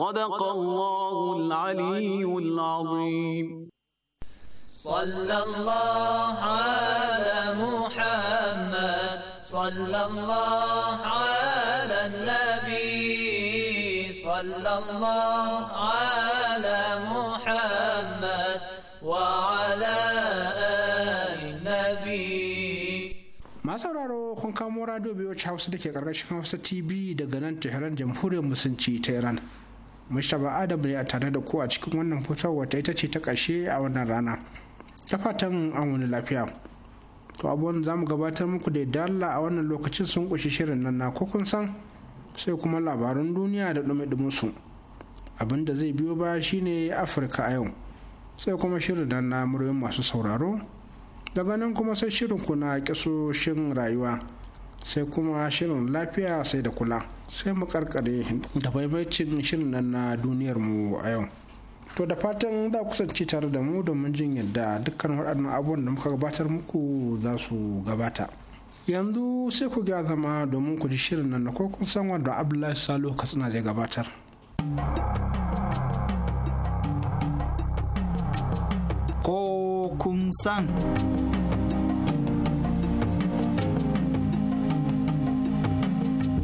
صدق الله العلي العظيم صلى الله على محمد صلى الله على النبي صلى الله على محمد وعلى sauraro kun kamo radio biyu wacce hausa da ke karkashin hausa tv daga nan tehran jamhuriyar musulunci ta iran mustapha ne a tare da ku a cikin wannan fitowar wata ita ce ta ƙarshe a wannan rana ta fatan an wani lafiya to abubuwan za mu gabatar muku da dalla a wannan lokacin sun ƙunshi shirin nan na ko kun san sai kuma labarun duniya da ɗumi su abin da zai biyo baya shine afirka a yau sai kuma shirin nan na muryoyin masu sauraro daga nan kuma sai shirin kuna kisoshin rayuwa sai kuma shirin lafiya sai da kula sai mu karkare da maimacin shirin nan na duniyar mu a yau to da fatan za ku kusance tare da mu domin jin yadda dukkan waɗannan abubuwan da muka gabatar muku za su gabata yanzu sai ku ga zama domin ku ji shirin nan na ko kun san wanda abdullahi salo katsina zai gabatar ko kun san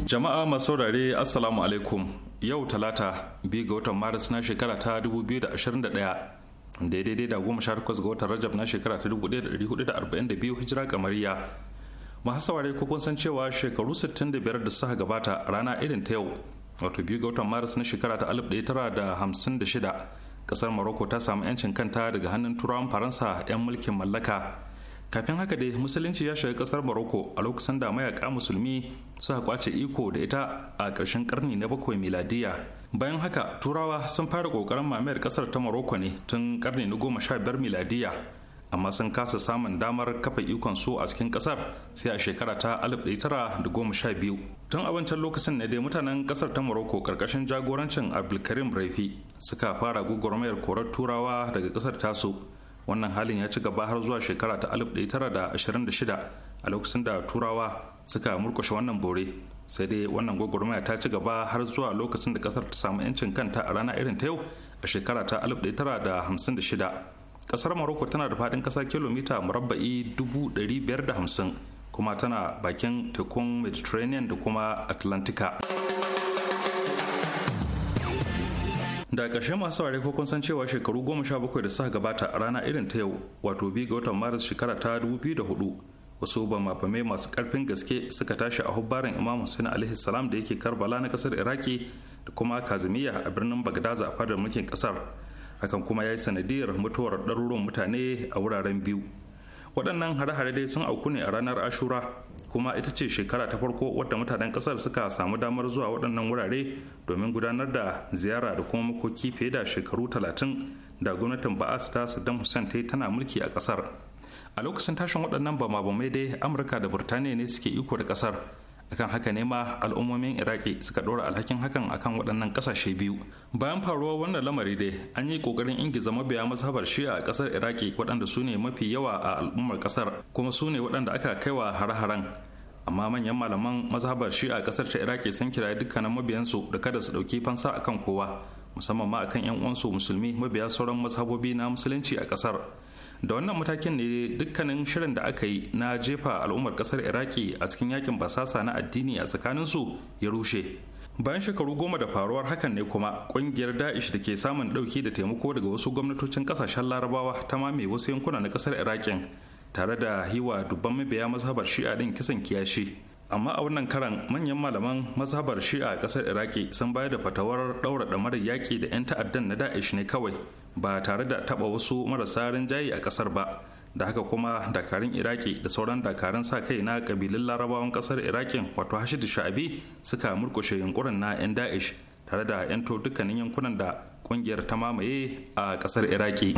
jama'a masu saurare assalamu alaikum yau talata biyu ga watan maris na shekara ta 2021 da daidai da goma sha takwas ga watan rajab na shekara ta dubu da hudu da arba'in da biyu hijira kamariya masu saurare ko kun san cewa shekaru sittin da biyar da suka gabata rana irin ta yau wato biyu ga watan maris na shekara ta alif ɗaya tara da hamsin da shida ta samu yancin kanta daga hannun turawan faransa 'yan mulkin mallaka kafin haka dai musulunci ya shiga kasar morocco a lokacin da mayaka musulmi suka kwace iko da ita a ƙarshen karni na bakwai miladiya bayan haka turawa sun fara ƙoƙarin mamayar kasar ta morocco ne tun karni na goma sha biyar miladiya amma sun kasa samun damar kafa ikon su a cikin kasar sai a shekara ta alif da tara goma sha biyu. tun a wancan lokacin ne dai mutanen kasar ta morocco karkashin jagorancin abdulkarim raifi suka fara gugurmayar korar turawa daga kasar tasu wannan halin ya ci gaba har zuwa shekara ta 1926 a lokacin da turawa suka murkushe wannan bore sai dai wannan gwagwarmaya ta ci gaba har zuwa lokacin da kasar ta samu 'yancin kanta a rana irin ta yau a shekara ta 1956 kasar maroko tana da faɗin ƙasa kilomita murabba'i 550 kuma tana bakin tekun mediterranean da kuma atlantika da ƙarshe masu saurare ko kun san cewa shekaru goma sha bakwai da suka gabata a rana irin ta yau wato biyu ga watan maris shekara ta dubu biyu da hudu wasu mafame masu karfin gaske suka tashi a hubbarin imam hussein alaihi salam da yake karbala na kasar iraki da kuma kazimiyya a birnin bagdaza a fadar mulkin kasar hakan kuma ya yi sanadiyar mutuwar ɗaruruwan mutane a wuraren biyu waɗannan hare-hare dai sun auku ne a ranar ashura kuma ita ce shekara ta farko wadda mutanen ƙasar suka samu damar zuwa waɗannan wurare domin gudanar da ziyara da kuma makoki fiye da shekaru talatin da gwamnatin ba'as ta saddam hussein ta tana mulki a ƙasar a lokacin tashin waɗannan bama-bamai dai amurka da burtaniya ne suke iko da ƙasar akan haka ne ma al'ummomin iraki suka ɗora alhakin hakan akan waɗannan ƙasashe biyu bayan faruwar wannan lamari dai an yi ƙoƙarin ingiza mabiya mazhabar shi'a a ƙasar iraki waɗanda su ne mafi yawa a al'ummar ƙasar kuma su ne waɗanda aka kaiwa hare-haren amma manyan malaman mazhabar shi'a a ƙasar ta iraki sun kiraye dukkanin mabiyansu da kada su ɗauki fansa akan kowa musamman ma akan 'yan uwansu musulmi mabiya sauran mazhabobi na musulunci a ƙasar da wannan matakin ne dukkanin shirin da aka yi na jefa al'ummar kasar iraki a cikin yakin basasa na addini a tsakaninsu ya rushe bayan shekaru goma da faruwar hakan ne kuma kungiyar da'ish da ke samun dauki da taimako daga wasu gwamnatocin kasashen larabawa ta mame wasu yankuna na kasar iraki tare da hiwa dubban mabiya mazhabar shi'a din kisan kiyashi amma a wannan karan manyan malaman mazhabar shi'a a kasar iraki sun bayar da fatawar ɗaura mara yaƙi da 'yan ta'addan na da'ish ne kawai ba tare da taɓa wasu marasa rinjaye a kasar ba da haka kuma dakarun iraki da sauran dakarun sa kai na kabilun larabawan kasar irakin wato hashidu sha'abi suka murkushe yunƙurin na 'yan da'ish tare da 'yanto dukkanin yankunan da ƙungiyar ta mamaye a kasar iraki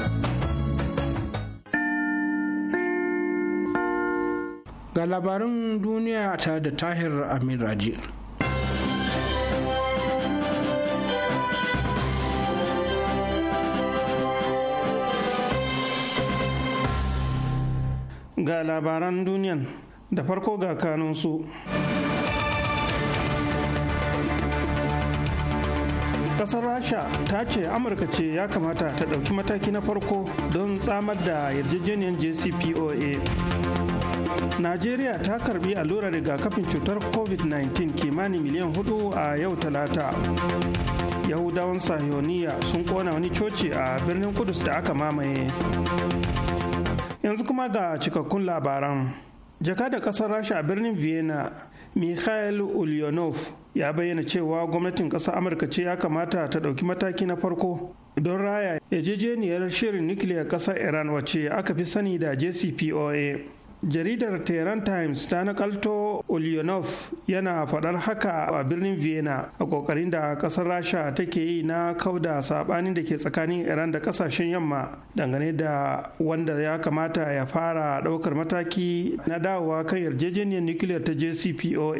ga labarin duniya ta da tahir amin raji ga labaran duniyan da farko ga kanunsu kasar rasha ta ce amurka ce ya kamata ta ɗauki mataki na farko don tsamar da yarjejeniyar jcpoa Najeriya ta karbi allurar rigakafin cutar COVID-19 kimanin miliyan hudu a yau talata. Yahudawan Sahioniya sun kona wani coci a birnin Kudus da aka mamaye. Yanzu kuma ga cikakkun labaran. Jaka da ƙasar Rasha a birnin Vienna, Mikhail Ulyanov ya bayyana cewa gwamnatin ƙasar Amurka ce ya kamata ta ɗauki mataki na farko don raya yarjejeniyar shirin nukiliyar ƙasar Iran wacce aka fi sani da JCPOA. jaridar tehran times ta nakalto ulyanov yana faɗar haka a birnin vienna a ƙoƙarin da ƙasar rasha take yi na kauda saɓanin da ke tsakanin iran da ƙasashen yamma dangane da wanda ya kamata ya fara ɗaukar mataki na dawowa kan yarjejeniyar nukiliyar ta jcpoa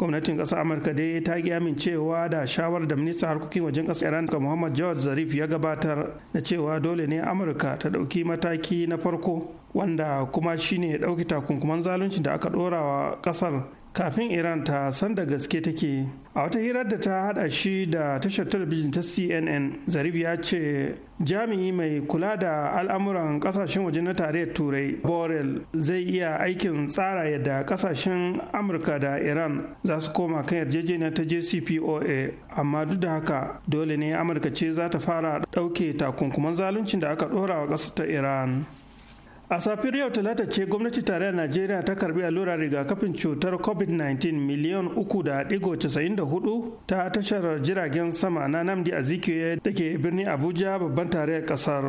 gwamnatin ƙasar amurka dai ta ki amincewa da shawarar da ministan harkokin wajen ƙasar iran ga muhammad jawad zarif ya gabatar na cewa dole ne amurka ta ɗauki mataki na farko wanda kuma shine ɗauki takunkuman zalunci da aka ɗora wa ƙasar kafin iran ta san da gaske take a wata hirar da ta hada shi da tashar talabijin ta cnn zarif ya ce jami'i mai kula da al'amuran kasashen waje na tarayyar turai borel zai iya aikin tsara yadda kasashen amurka da iran za su koma kan yarjejeniya ta jcpoa amma duk da haka dole ne amurka ce za ta fara ɗauke takunkuman zaluncin da aka ɗora wa ƙasar ta iran a safiyar yau talata ce gwamnati tarayyar najeriya ta karbi allurar rigakafin cutar covid-19 miliyan uku da digo casa'in da hudu ta tashar jiragen sama na namdi azikiwe da ke birnin abuja babban tarayyar kasar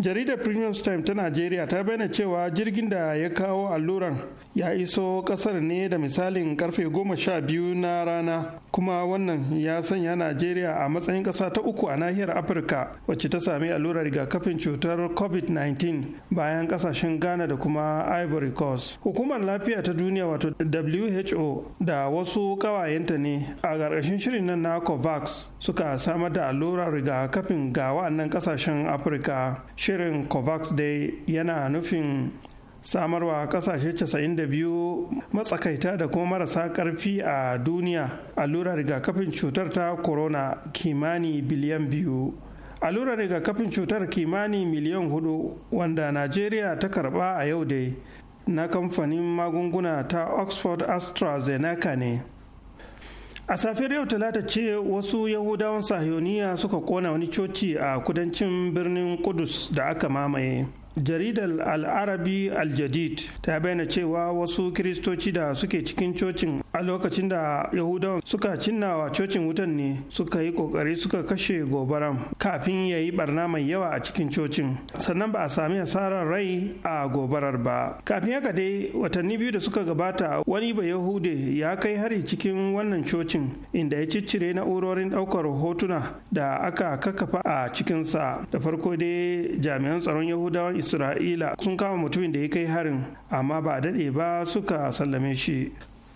jaridar premium time ta najeriya ta bayyana cewa jirgin da ya kawo alluran ya iso kasar ne da misalin karfe goma sha biyu na rana kuma wannan ya sanya najeriya a matsayin ƙasa ta uku a nahiyar afirka wacce ta sami allurar rigakafin cutar covid-19 bayan ƙasashen ghana da kuma ivory coast hukumar lafiya ta duniya wato who da wasu ƙawayenta ne a ƙarƙashin shirin nan na covax suka samar da allurar rigakafin ga wa'annan ƙasashen afirka shirin covax dai yana nufin samarwa kasashe 92 matsakaita da kuma marasa karfi a duniya allurar rigakafin cutar ta corona kimani biliyan biyu allurar rigakafin cutar kimani miliyan hudu wanda najeriya ta karba a yau dai na kamfanin magunguna ta oxford astrazeneca ne a safiyar yau talata ce wasu yahudawan sahiyoniya suka kona wani coci a kudancin birnin kudus da aka mamaye jaridar al'arabi aljadid ta bayyana cewa wasu kiristoci da suke cikin cocin a lokacin da yahudawan suka cinnawa cocin wutan ne suka yi kokari suka kashe gobaran kafin ya yi barna mai yawa a cikin cocin sannan ba a sami asarar rai a gobarar ba kafin haka dai watanni biyu da suka gabata wani ba yahude ya kai hari cikin wannan cocin inda ya ciccire na'urorin ɗaukar hotuna da aka kakkafa a cikinsa da farko dai jami'an tsaron yahudawan isra'ila sun kama mutumin da ya kai harin amma ba a daɗe ba suka sallame shi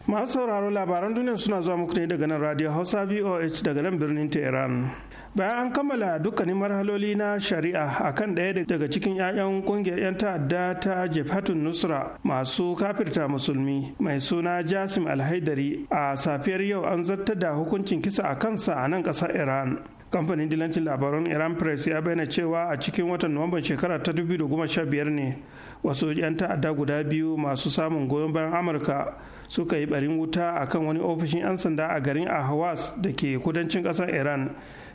masu sauraro labaran duniya suna zuwa muku ne daga nan radio hausa voh daga nan birnin tehran bayan an kammala dukkanin marhaloli na shari'a akan ɗaya daga cikin 'ya'yan ƙungiyar 'yan ta'adda ta jefhatun nusra masu kafirta musulmi mai suna jasim alhaidari a safiyar yau an zartar da hukuncin kisa a kansa a nan ƙasar iran kamfanin dilancin labaran iran press ya bayyana cewa a cikin watan nuwamban shekara ta 2015 ne wasu 'yan ta'adda guda biyu masu samun goyon bayan amurka suka yi barin wuta a kan wani ofishin 'yan sanda a garin ahwas da ke kudancin ƙasar iran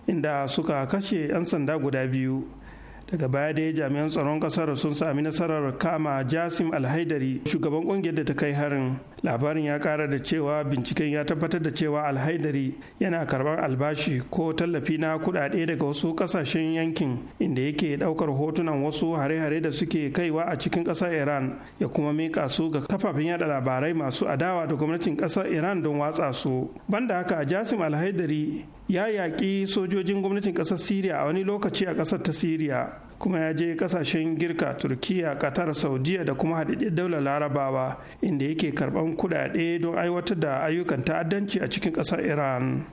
inda suka kashe 'yan sanda guda biyu daga baya dai jami'an tsaron kasar sun sami nasarar kama jasim alhaidari shugaban kungiyar da ta kai harin labarin ya kara da cewa binciken ya tabbatar da cewa alhaidari yana karbar albashi ko tallafi na kudade daga wasu kasashen yankin inda yake daukar hotunan wasu hare-hare da suke kaiwa a cikin kasar iran ya kuma mika su ga kafafen yada labarai masu adawa da gwamnatin kasar iran don watsa su banda haka jasim alhaidari ya yaƙi sojojin gwamnatin ƙasar Siriya a wani lokaci a ƙasar ta Siriya kuma ya je ƙasashen Girka, Turkiya, ƙatar Saudiya da kuma haɗaɗɗen daular Larabawa inda yake karɓan kuɗaɗe don aiwatar da ayyukan ta'addanci a cikin ƙasar Iran.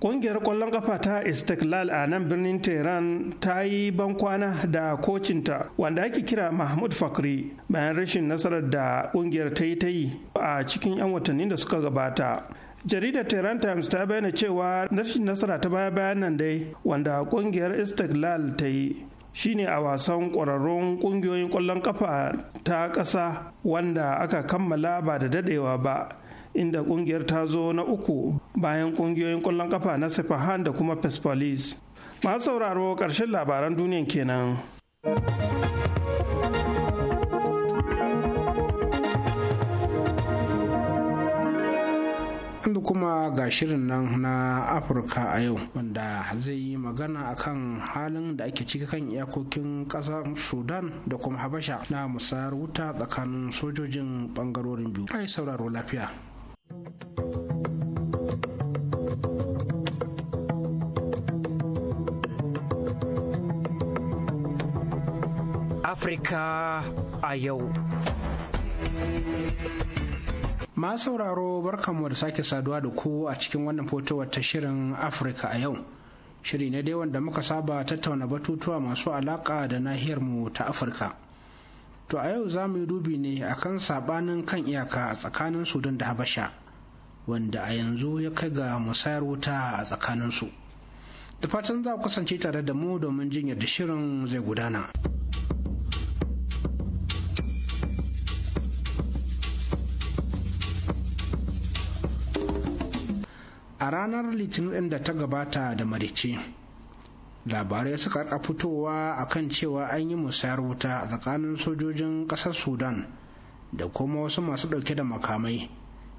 Ƙungiyar ƙwallon ƙafa ta Istiklal a nan birnin Tehran ta yi kwana da kocinta wanda ake kira Mahmud Fakri bayan rashin nasarar da ƙungiyar ta yi ta yi a cikin 'yan watannin da suka gabata. jaridar tehran times ta bayyana cewa rashin nasara ta baya bayan nan dai wanda kungiyar istiklal ta yi shine a wasan ƙwararrun ƙungiyoyin ƙwallon kafa ta ƙasa wanda aka kammala ba da dadewa ba inda ƙungiyar ta zo na uku bayan ƙungiyoyin ƙwallon kafa na sefahan da kuma persepolis masu sauraro ƙarshen labaran duniya kenan. inda kuma ga shirin nan na afirka a yau wanda zai yi magana akan halin da ake ciki kan iyakokin kasar sudan da kuma habasha na musayar wuta tsakanin sojojin bangarorin biyu ai sauraro lafiya Afirka a yau. ma sauraro barkanmu da sake saduwa da ku a cikin wannan fotowar ta shirin afirka a yau shiri ne dai wanda muka saba tattauna batutuwa masu alaƙa da nahiyarmu ta afirka to a yau za mu yi dubi ne akan sabanin kan iyaka a tsakanin sudan da habasha wanda a yanzu ya kai ga musayar wuta a tsakaninsu da fatan za ku kasance tare da mu domin jin yadda shirin zai gudana. a ranar litinin ɗin da ta gabata da marice labarai suka rika fitowa a kan cewa an yi musayar wuta tsakanin sojojin ƙasar sudan da kuma wasu masu ɗauke da makamai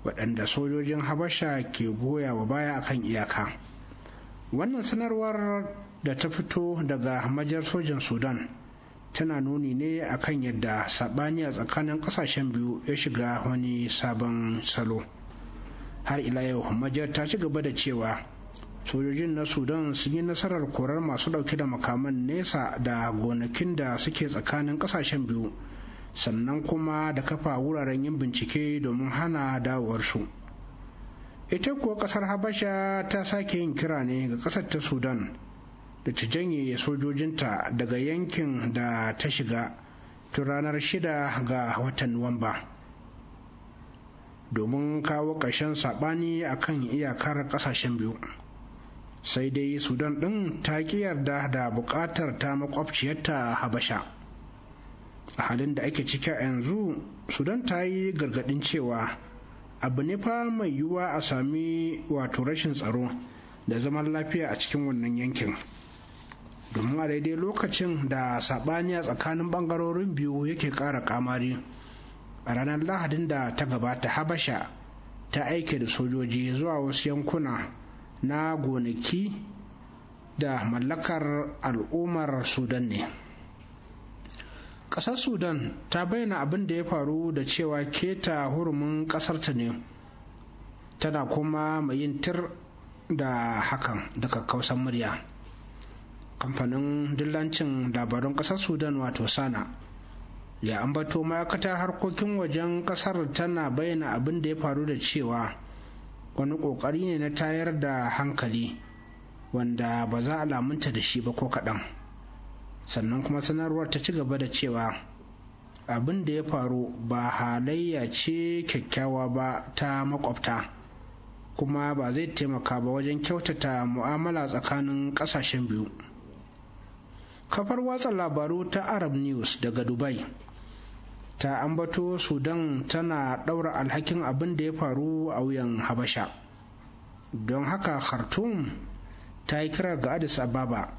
waɗanda sojojin habasha ke goya wa baya akan iyaka wannan sanarwar da ta fito daga majar sojin sudan tana nuni ne akan yadda saɓani a tsakanin ƙasashen biyu ya shiga wani sabon salo. har ila yau majar ta ci gaba da cewa sojojin na sudan sun yi nasarar korar masu dauke da makaman nesa da gonakin da suke tsakanin kasashen biyu sannan kuma da kafa wuraren yin bincike domin hana dawowarsu ita kuwa kasar habasha ta sake yin kira ne ga kasar ta sudan da ta janye sojojinta daga yankin da ta shiga tun ranar shida ga watan nuwamba. domin kawo ƙarshen saɓani a kan iyakar ƙasashen biyu sai dai sudan ɗin ta ƙi yarda da buƙatar ta makwabciyarta habasha a halin da ake ciki yanzu sudan ta yi gargaɗin cewa abu ne fa mai yiwuwa a sami wato rashin tsaro da zaman lafiya a cikin wannan yankin domin a daidai lokacin da saɓani a tsakanin ɓangarorin biyu yake ƙara kamari a ranar lahadin da ta gabata habasha ta aike da sojoji zuwa wasu yankuna na gonaki da mallakar al'ummar sudan ne ƙasar sudan ta bayyana abin da ya faru da cewa keta hurumin ƙasarta ne tana kuma mai tir da hakan da kakkausan murya kamfanin dillancin labarun ƙasar sudan wato sana ya ambato ma'aikatar harkokin wajen kasar tana bayyana abin da ya faru da cewa wani kokari ne na tayar da hankali wanda ba za a lamunta da shi ba ko kaɗan sannan kuma sanarwar ta ci gaba da cewa abin da ya faru ba halayya ce kyakkyawa ba ta makwabta kuma ba zai taimaka ba wajen kyautata mu'amala tsakanin ƙasashen biyu kafar watsa labaru ta arab news daga dubai ta ambato sudan tana ɗaura alhakin abin da ya faru a wuyan habasha don haka khartoum ta yi kira ga addis ababa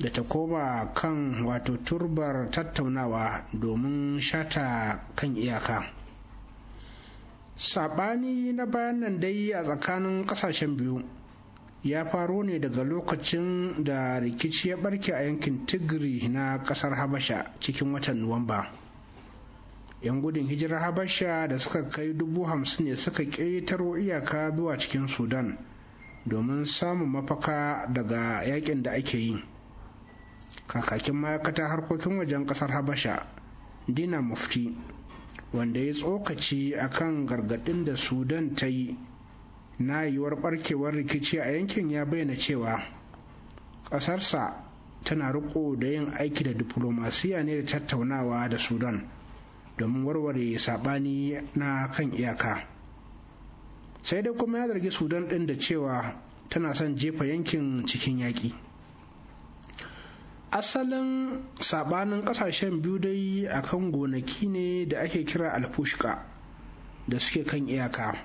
da ta koma kan wato turbar tattaunawa domin shata kan iyaka saɓani na bayan nan dai a tsakanin ƙasashen biyu ya faru ne daga lokacin da rikici ya barke a yankin tigiri na ƙasar habasha cikin watan nuwamba 'yan gudun hijirar habasha da suka kai dubu hamsin ne suka ƙetaro iyaka zuwa cikin sudan domin samun mafaka daga yakin da ake yi kakakin ma'aikata harkokin wajen ƙasar habasha dina mufti wanda ya tsokaci a kan gargaɗin da sudan ta yi na yiwuwar barkewar rikici a yankin ya bayyana cewa ƙasarsa tana riko da yin aiki da diplomasiya ne da tattaunawa da sudan domin warware saɓani na kan iyaka sai dai kuma ya zargi sudan ɗin da cewa tana son jefa yankin cikin yaƙi asalin sabanin ƙasashen biyu dai akan gonaki ne da ake kira alfushka da suke kan iyaka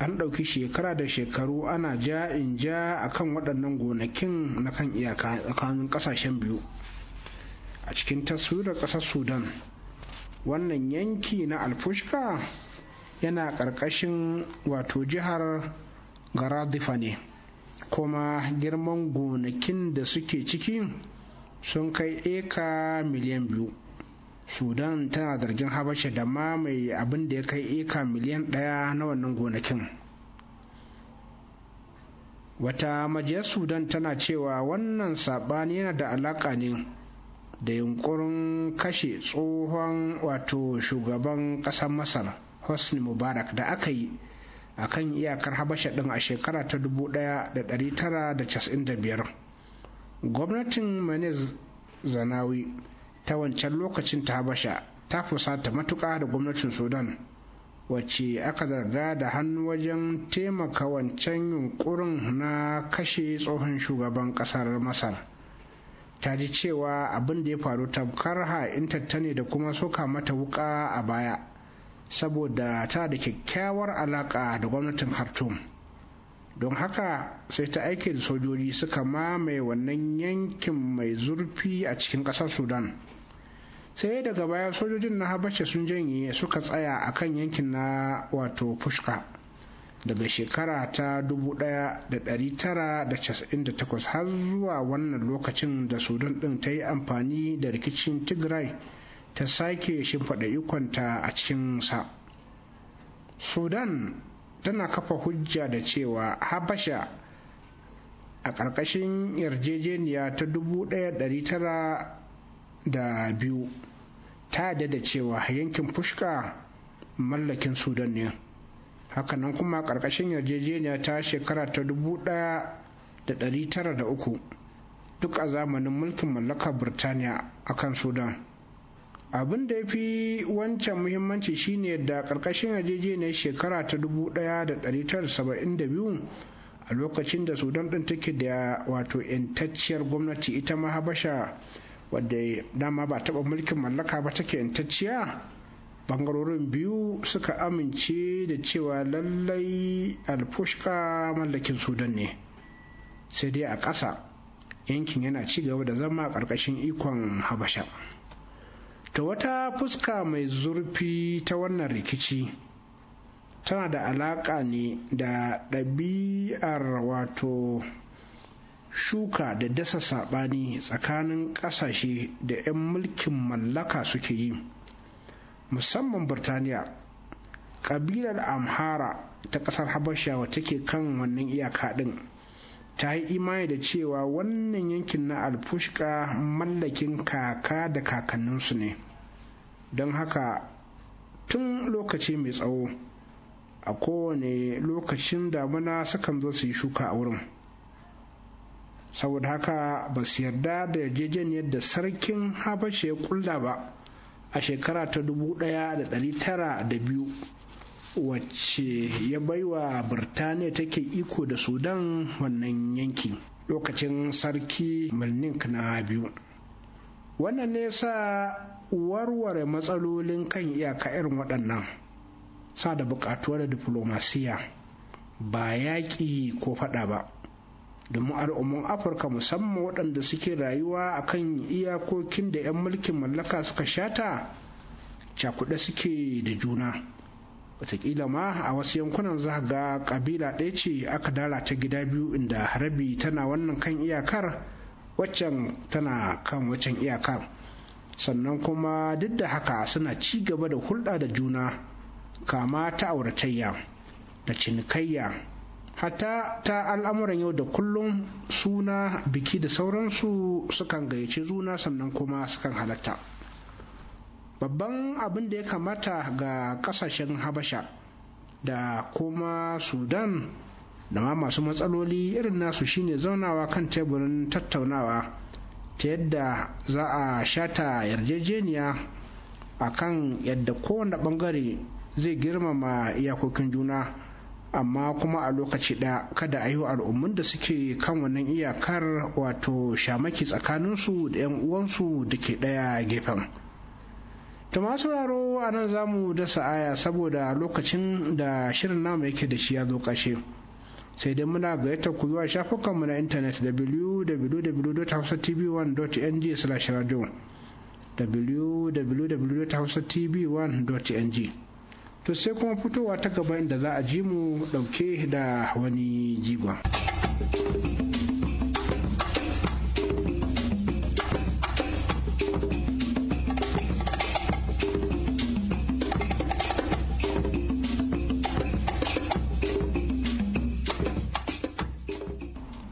an ɗauki shekara da shekaru ana ja in ja a kan waɗannan gonakin na kan iyaka tsakanin ƙasashen biyu a cikin taswirar ƙasar sudan wannan yanki na alfushka yana ƙarƙashin wato jihar garadifa ne kuma girman gonakin da suke ciki sun kai eka miliyan biyu sudan tana zargin habasha da ma mai abin da ya kai eka miliyan ɗaya na wannan gonakin wata majiyar sudan tana cewa wannan saɓani yana da alaƙa ne da yunkurin kashe tsohon wato shugaban ƙasar masar hosni mubarak da aka yi a kan iyakar habasha ɗin a shekara ta 1995 gwamnatin maniz zanawi ta wancan lokacin ta habasha ta fusata matuƙa da gwamnatin sudan wacce aka zarga da hannu wajen taimaka wancan yunkurin na kashe tsohon shugaban ƙasar masar ta ji cewa abin da ya faru tamkar ha'intatta ne da kuma soka mata wuka a baya saboda ta da kyakkyawar alaka da gwamnatin khartoum don haka sai ta aike da sojoji suka mamaye wannan yankin mai zurfi a cikin ƙasar sudan sai daga baya sojojin na habasha sun janye suka tsaya a kan yankin na wato fushka daga shekara ta 1998 har zuwa wannan lokacin da sudan ɗin ta yi amfani da rikicin tigray ta sake shimfaɗa ikonta a cikinsa sudan tana kafa hujja da cewa habasha a ƙarƙashin yarjejeniya ta da biyu, ta da cewa yankin fushka mallakin sudan ne hakanan kuma karkashin yarjejeniya ta shekara ta dubu daya da dari tara da uku duk a zamanin mulkin mallaka birtaniya a kan sudan abin da ya fi wancan muhimmanci shine da karkashin yarjejeniya shekara ta 1972 a lokacin da sudan ɗin take da wato intacciyar gwamnati ita ma habasha wadda dama ba taɓa mulkin mallaka ba take intacciya bangarorin biyu suka amince da cewa lallai alfushka mallakin sudan ne sai dai a ƙasa yankin yana ci gaba da zama a ƙarƙashin ikon habasha ta wata fuska mai zurfi ta wannan rikici tana da alaƙa ne da ɗabi'ar wato shuka da dasa saɓani tsakanin ƙasashe da 'yan mulkin mallaka suke yi musamman burtaniya ƙabilar amhara ta ƙasar habasha wacce ke kan wannan iyaka ɗin ta yi imani da cewa wannan yankin na alfushka mallakin kaka da kakanninsu ne don haka tun lokaci mai tsawo a kowane lokacin damuna sukan zo su yi shuka a wurin saboda haka ba su yarda da yarjejeniyar da sarkin habasha ya kulla ba a shekara ta da da tara biyu. wacce ya baiwa birtaniya take iko da sudan wannan yanki lokacin sarki milnik na biyu wannan ne sa warware matsalolin kan iyaka irin waɗannan sa da buƙatuwar diplomasiya ba yaƙi ko faɗa ba domin al'ummun afirka musamman waɗanda suke rayuwa a kan iyakokin da 'yan mulkin mallaka suka shata cakuɗe suke da juna wataƙila ma a wasu yankunan za ga ƙabila ɗaya ce aka dala ta gida biyu inda harabi tana wannan kan iyakar waccan tana kan waccan iyakar sannan kuma duk da haka suna ci gaba da hulɗa da juna kama ta auratayya da cinikayya hata ta al'amuran yau da kullum suna biki da sauransu sukan gayyace juna sannan kuma sukan halatta babban abin da ya kamata ga kasashen habasha da kuma sudan da ma masu matsaloli irin nasu shine zaunawa kan teburin tattaunawa ta yadda za a shata yarjejeniya a kan yadda kowane bangare zai girmama iyakokin juna amma kuma a lokaci ɗaya kada a yi wa al'ummun da suke kan wannan iyakar wato shamaki tsakaninsu da 'yan uwansu da ke ɗaya gefen ta masu raro a nan za mu dasa aya saboda lokacin da shirin namu yake da shi ya zo ƙashe sai dai muna gayyata ku zuwa shafukanmu na intanet www.hausatv1.ng/radio www.hausatv1.ng to sai kuma fitowa ta gaba inda za a ji mu ɗauke da wani jigon.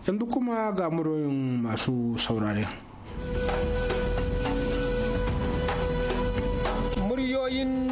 yanzu kuma ga muroyin masu saurare. Muryoyin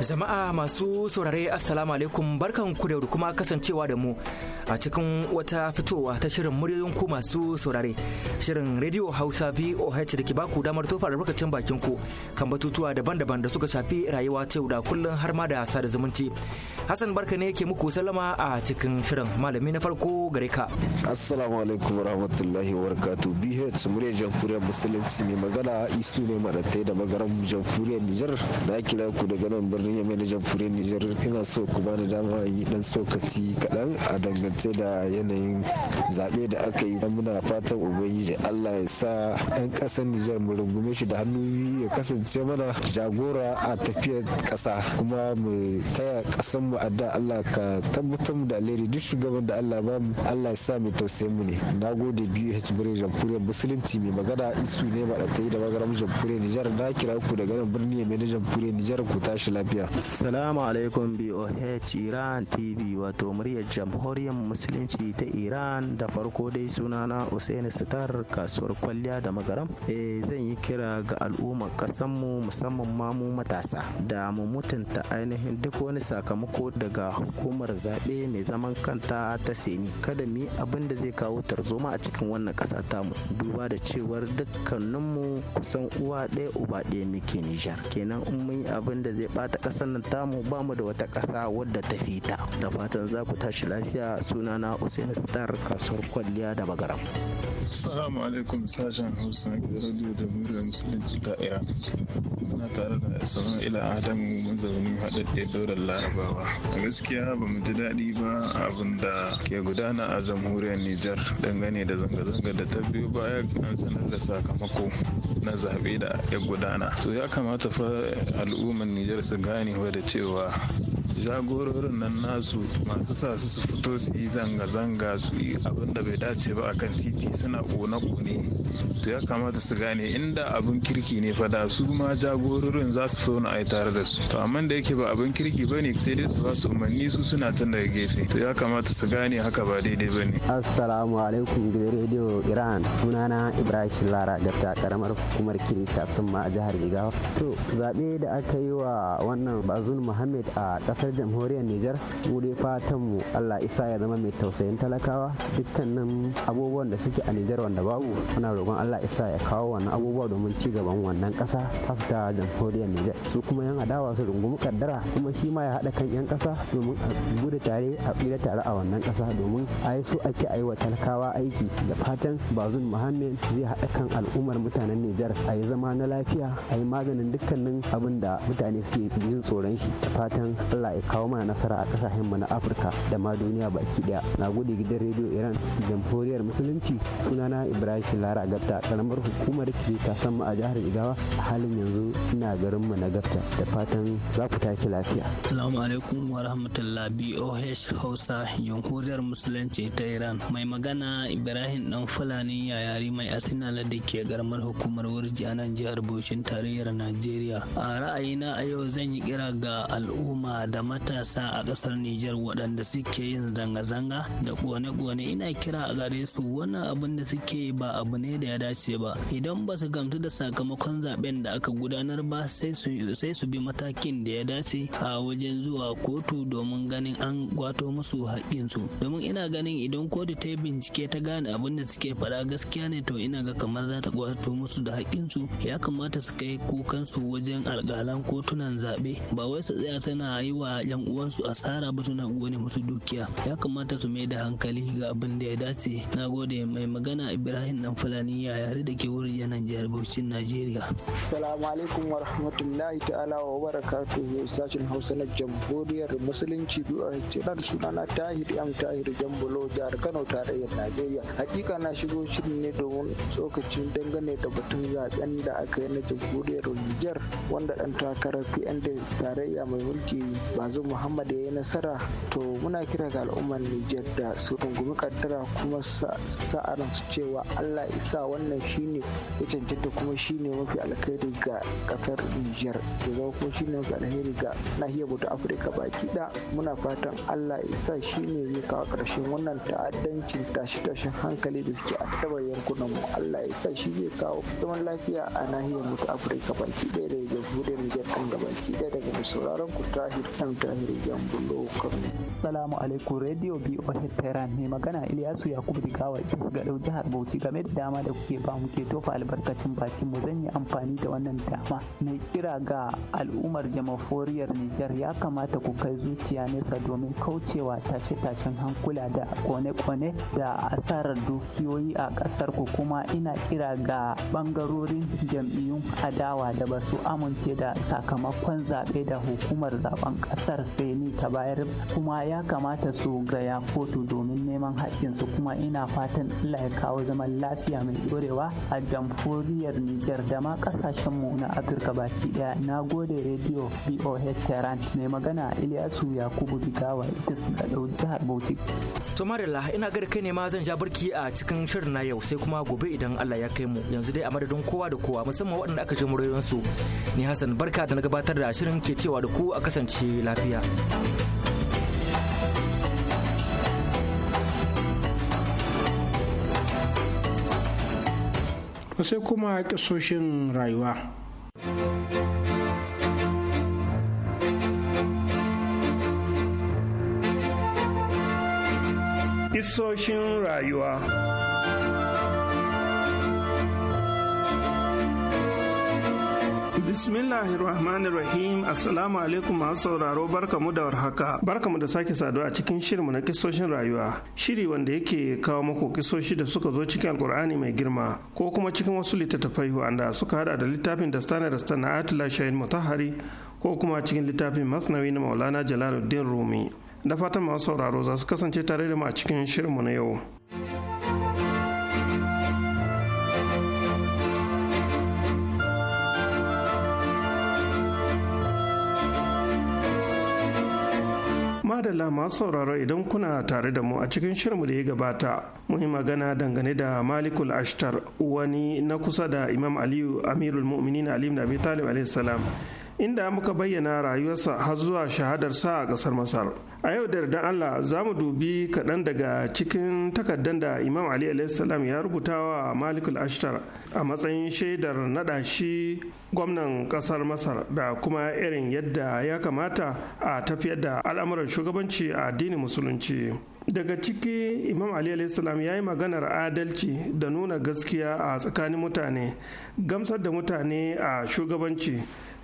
Jama'a masu saurare Assalamu alaikum barkan ku da kuma kasancewa da mu a cikin wata fitowa ta shirin muryoyin ku masu saurare. Shirin Radio Hausa VOH da ke baku damar tofa albarkacin bakin ku kan batutuwa daban-daban da suka shafi rayuwa ta yau da kullum har ma da sada zumunci. Hassan barka ne ke muku salama a cikin shirin malami na farko gare ka. Assalamu alaikum warahmatullahi wabarakatuh. BH muryar jamhuriyar musulunci ne magana isu ne maratai da magaran jamhuriyar Nijar da kira ku daga nan birnin mai da jamhuriyar nijar ina so ku bani dama yi dan sokaci kaɗan a dangance da yanayin zaɓe da aka yi muna fatan ubangiji allah ya sa 'yan ƙasar nijar mu rungume shi da hannu ya kasance mana jagora a tafiyar ƙasa kuma mu taya ƙasar mu adda allah ka tabbatar da alheri duk shugaban da allah ba mu allah ya sa mai tausayin mu ne na gode biyu h bire jamhuriyar musulunci mai magana isu ne ba da ta yi da mu jamhuriyar nijar na kira ku daga nan birni mai da jamhuriyar nijar ku tashi lafiya lafiya. Salamu alaikum BOH Iran TV wato muryar jamhuriyar musulunci ta Iran da farko dai sunana Usaini Sitar kasuwar kwalliya da magaram. Eh zan yi kira ga al'ummar kasanmu musamman ma mu matasa da mu mutunta ainihin duk wani sakamako daga hukumar zaɓe mai zaman kanta ta seni kada mu yi abin da zai kawo tarzoma a cikin wannan ƙasa tamu duba da cewar dukkaninmu kusan uwa ɗaya uba ɗaya muke Nijar kenan in mun yi abin da zai ɓata ƙasar nan tamu ba mu da wata ƙasa wadda ta fita da fatan za ku tashi lafiya sunana usain star kasuwar kwalliya da bagaram salamu alaikum sashen Hausa da radio da muryar musulunci ta iya Muna tare da Sama'ila Adamu mazaunin haɗaɗɗe daular Larabawa. A gaskiya ba mu ji daɗi ba abin da ke gudana a jamhuriyar Nijar dangane da zanga-zanga da ta biyo baya an sanar da sakamako na zaɓe da ya gudana. To ya kamata fa al'ummar Nijar su gane gane da cewa jagororin nan nasu masu sa su su fito su yi zanga-zanga su yi abin da bai dace ba akan titi suna kone-kone to ya kamata su gane inda abin kirki ne fada su ma jagororin za su zauna a yi tare da su to amma da yake ba abin kirki ba ne sai dai su ba su umarni su suna can daga gefe to ya kamata su gane haka ba daidai ba ne. assalamu alaikum gidan rediyo iran sunana ibrahim lara da ta karamar hukumar kirki sun ma a jihar jigawa to zaɓe da aka yi wa wannan wannan bazun muhammad a kasar jamhuriyar niger mu fatan mu allah isa ya zama mai tausayin talakawa dukkanin abubuwan da suke a niger wanda babu muna roƙon allah isa ya kawo wannan abubuwa domin ci gaban wannan kasa ta ta jamhuriyar niger su kuma yan adawa su rungumi kaddara kuma shi ma ya haɗa kan yan kasa domin a gudu tare a tsira tare a wannan kasa domin a yi su ake a talakawa aiki da fatan bazun muhammad zai hada kan al'ummar mutanen niger a yi zama na lafiya a yi maganin dukkanin abin da mutane suke jin tsoron shi ta fatan Allah ya kawo mana nasara a kasashen mu na Afirka da ma duniya baki daya. Na gode gidan rediyo Iran jamhuriyar musulunci sunana Ibrahim Lara Gafta karamar hukumar ke ta san a jihar Igawa a halin yanzu ina garin mu na Gafta da fatan za ku tashi lafiya. Assalamu alaikum wa rahmatullah BOH Hausa jamhuriyar musulunci ta Iran mai magana Ibrahim dan Fulani yayari mai asina da ke garmar hukumar wurji a nan jihar Bauchi tarayyar Najeriya. A ra'ayina a yau zan yi kira ga al'umma da matasa a ƙasar Nijar waɗanda suke yin zanga-zanga da ƙone-ƙone ina kira a gare su wannan abin da suke ba abu ne da ya dace ba idan ba su gamsu da sakamakon zaben da aka gudanar ba sai su bi matakin da ya dace a wajen zuwa kotu domin ganin an gwato musu haƙƙinsu domin ina ganin idan kotu ta yi bincike ta gane abin da suke faɗa gaskiya ne to ina ga kamar za ta gwato musu da haƙƙinsu ya kamata su kai kukansu wajen alƙalan kotunan zaɓe ba wai su tsaya tana yi wa yan uwansu asara ba suna wani mutu dukiya ya kamata su mai da hankali ga abin da ya dace na gode mai magana ibrahim dan fulani ya yare da ke wurin yanan jihar bauchi najeriya salamu alaikum wa rahmatullahi ta'ala wa barakatuhu sashin hausa na jamhuriyar musulunci biyu a na tahir yan tahir jambulo jihar kano tarayyar najeriya hakika na shigo shirin ne domin tsokacin dangane da batun zaben da aka yi na jamhuriyar niger wanda dan takarar pnd tarayya mai mulki bazu muhammad ya yi nasara to muna kira ga al'ummar nijar da su rungumi kaddara kuma sa'aran su cewa allah isa wannan shine ya cancanta kuma shine mafi alkhairi ga kasar nijar da zama kuma shine mafi alkhairi ga nahiyar mu afirka baki da muna fatan allah isa shine zai kawo karshen wannan ta'addancin tashi-tashin hankali da suke tabar yankunan mu allah isa shi zai kawo zaman lafiya a nahiyar mu afirka baki ɗaya da buɗe nijar kan gabaki ɗaya ɗaya daga mai sauraron ku tahir ɗan tahir jambulo kano salamu alaikum radio boh tehran mai magana ilyasu yakubu digawa ga dau jihar bauchi game da dama da kuke ba mu ke tofa albarkacin bakin mu zan yi amfani da wannan dama mai kira ga al'ummar jamaforiyar nijar ya kamata ku kai zuciya nesa domin kaucewa tashe-tashen hankula da kone-kone da asarar dukiyoyi a kasar ku kuma ina kira ga bangarorin jam'iyyun adawa da ba su amince da sakamakon za zaɓe da hukumar zaben ƙasar Benin ta bayar kuma ya kamata su gaya kotu domin neman haƙƙinsu kuma ina fatan Allah ya kawo zaman lafiya mai dorewa a jamhuriyar Nijar da ma mu na Afirka baki ɗaya. Na gode rediyo BOH Tehran mai magana Ilyasu Yakubu Digawa ita su da jihar Bauchi. To Marilla ina ga kai ne ma zan ja barki a cikin shirin na yau sai kuma gobe idan Allah ya kai mu yanzu dai a madadin kowa da kowa musamman waɗanda aka ji muryoyinsu Ni Hassan barka da na gabatar da shirin shirin ke cewa da ku a kasance lafiya. sai kuma kisoshin rayuwa. Kisoshin rayuwa. Bismillahirrahmanirrahim Assalamu alaikum masu sauraro barkamu da warhaka barkamu da sake saduwa a cikin shirinmu na kisoshin rayuwa shiri wanda yake kawo muku kisoshi da suka zo cikin alkur'ani mai girma ko kuma cikin wasu littattafai wanda suka hada da littafin da stanar da stana atila shahin mutahari ko kuma cikin littafin masnawi na maulana jalaluddin rumi da fatan masu sauraro za su kasance tare da mu a cikin shirinmu na yau. madalla masu sauraro idan kuna tare da mu a cikin shirmu da ya gabata mun yi magana dangane da malikul ashtar wani na kusa da imam aliyu amirul mu'minin alim na abi talib alaihi inda muka bayyana rayuwarsa har zuwa shahadarsa a ƙasar masar a yau da yardan allah za mu dubi kaɗan daga cikin takardar da imam ali salam ya rubuta wa malikul ashtar a matsayin shaidar naɗa shi gwamnan ƙasar masar da kuma irin yadda ya kamata a tafiyar da al'amuran shugabanci a addinin musulunci daga ciki imam ali salam ya yi maganar adalci da nuna gaskiya a tsakanin mutane gamsar da mutane a shugabanci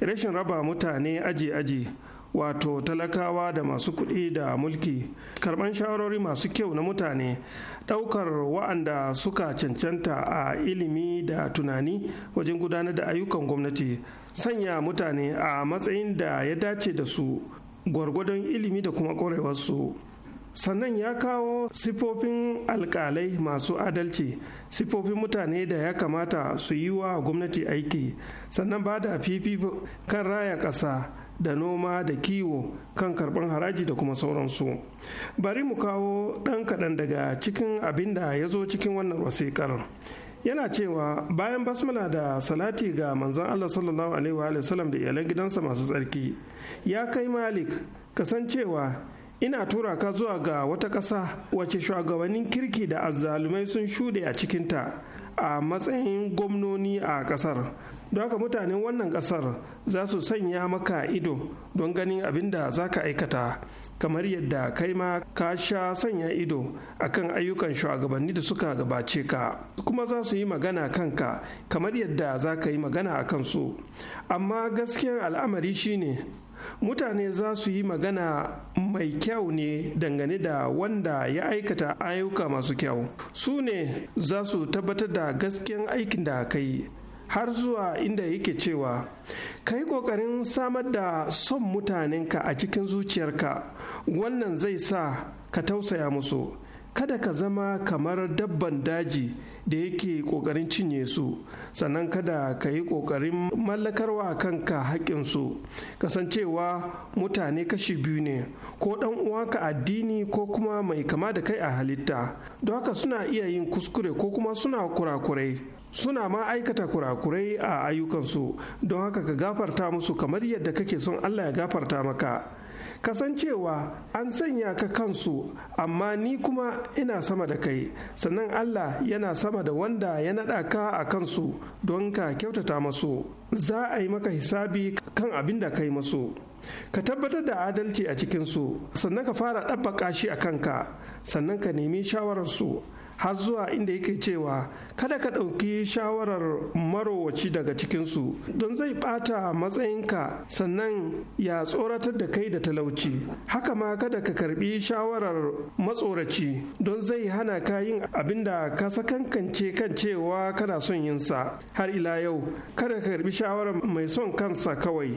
rashin raba mutane aji-aji wato talakawa da masu kuɗi da mulki karɓan shawarori masu kyau na mutane ɗaukar wa'anda suka cancanta a ilimi da tunani wajen gudanar da ayyukan gwamnati sanya mutane a matsayin da ya dace da su gwargwadon ilimi da kuma ƙwarewarsu. sannan ya kawo sifofin alkalai masu adalci sifofin mutane da ya kamata su yi wa gwamnati aiki sannan ba da fifi kan raya ƙasa da noma da kiwo kan karɓar haraji da kuma sauransu bari mu kawo ɗan kaɗan daga cikin abin da ya zo cikin wannan wasiƙar yana cewa bayan basmala da salati ga manzon allah sallallahu alaihi wa da iyalan gidansa masu tsarki ya kai malik kasancewa ina tura ka zuwa ga wata ƙasa wace shugabannin kirki da azzalumai sun shuɗe a cikinta a matsayin gwamnoni a ƙasar don haka mutanen wannan ƙasar za su sanya maka ido don ganin abin da za ka aikata kamar yadda kai ma ka sha sanya ido akan ayyukan shugabanni da suka gabace ka kuma za su yi magana kanka kamar yadda za ka yi magana a kansu amma gaskiyar al'amari shine mutane za su yi magana mai kyau ne dangane da wanda ya aikata ayyuka masu kyau su ne za su tabbatar da gaskiyan aikin da ka yi har zuwa inda yake cewa ka yi ƙoƙarin samar da son mutanenka a cikin zuciyarka wannan zai sa ka tausaya musu kada ka zama kamar dabban daji da yake ƙoƙarin cinye su sannan kada ka yi ƙoƙarin mallakarwa a kanka haƙƙinsu kasancewa mutane kashi biyu ne ko ɗan uwanka addini ko kuma mai kama da kai a halitta don haka suna iya yin kuskure ko kuma suna kurakurai suna ma aikata kurakurai a ayyukansu don haka ka gafarta musu kamar yadda kake son Allah ya gafarta maka kasancewa an sanya ka kansu amma ni kuma ina sama da kai sannan Allah yana sama da wanda ya naɗa ka a kansu don ka kyautata masu za a yi maka hisabi kan abin da ka yi masu ka tabbatar da adalci a cikinsu sannan ka fara ɗabbaka shi a kanka sannan ka nemi shawararsu har zuwa inda yake cewa kada ka ɗauki shawarar marowaci daga cikinsu don zai ɓata matsayinka sannan ya tsoratar da kai da talauci haka ma kada ka karbi shawarar matsoraci don zai hana ka yin abin da ka sakankance kan cewa kana son yinsa har ila yau kada ka karbi shawarar mai son kansa kawai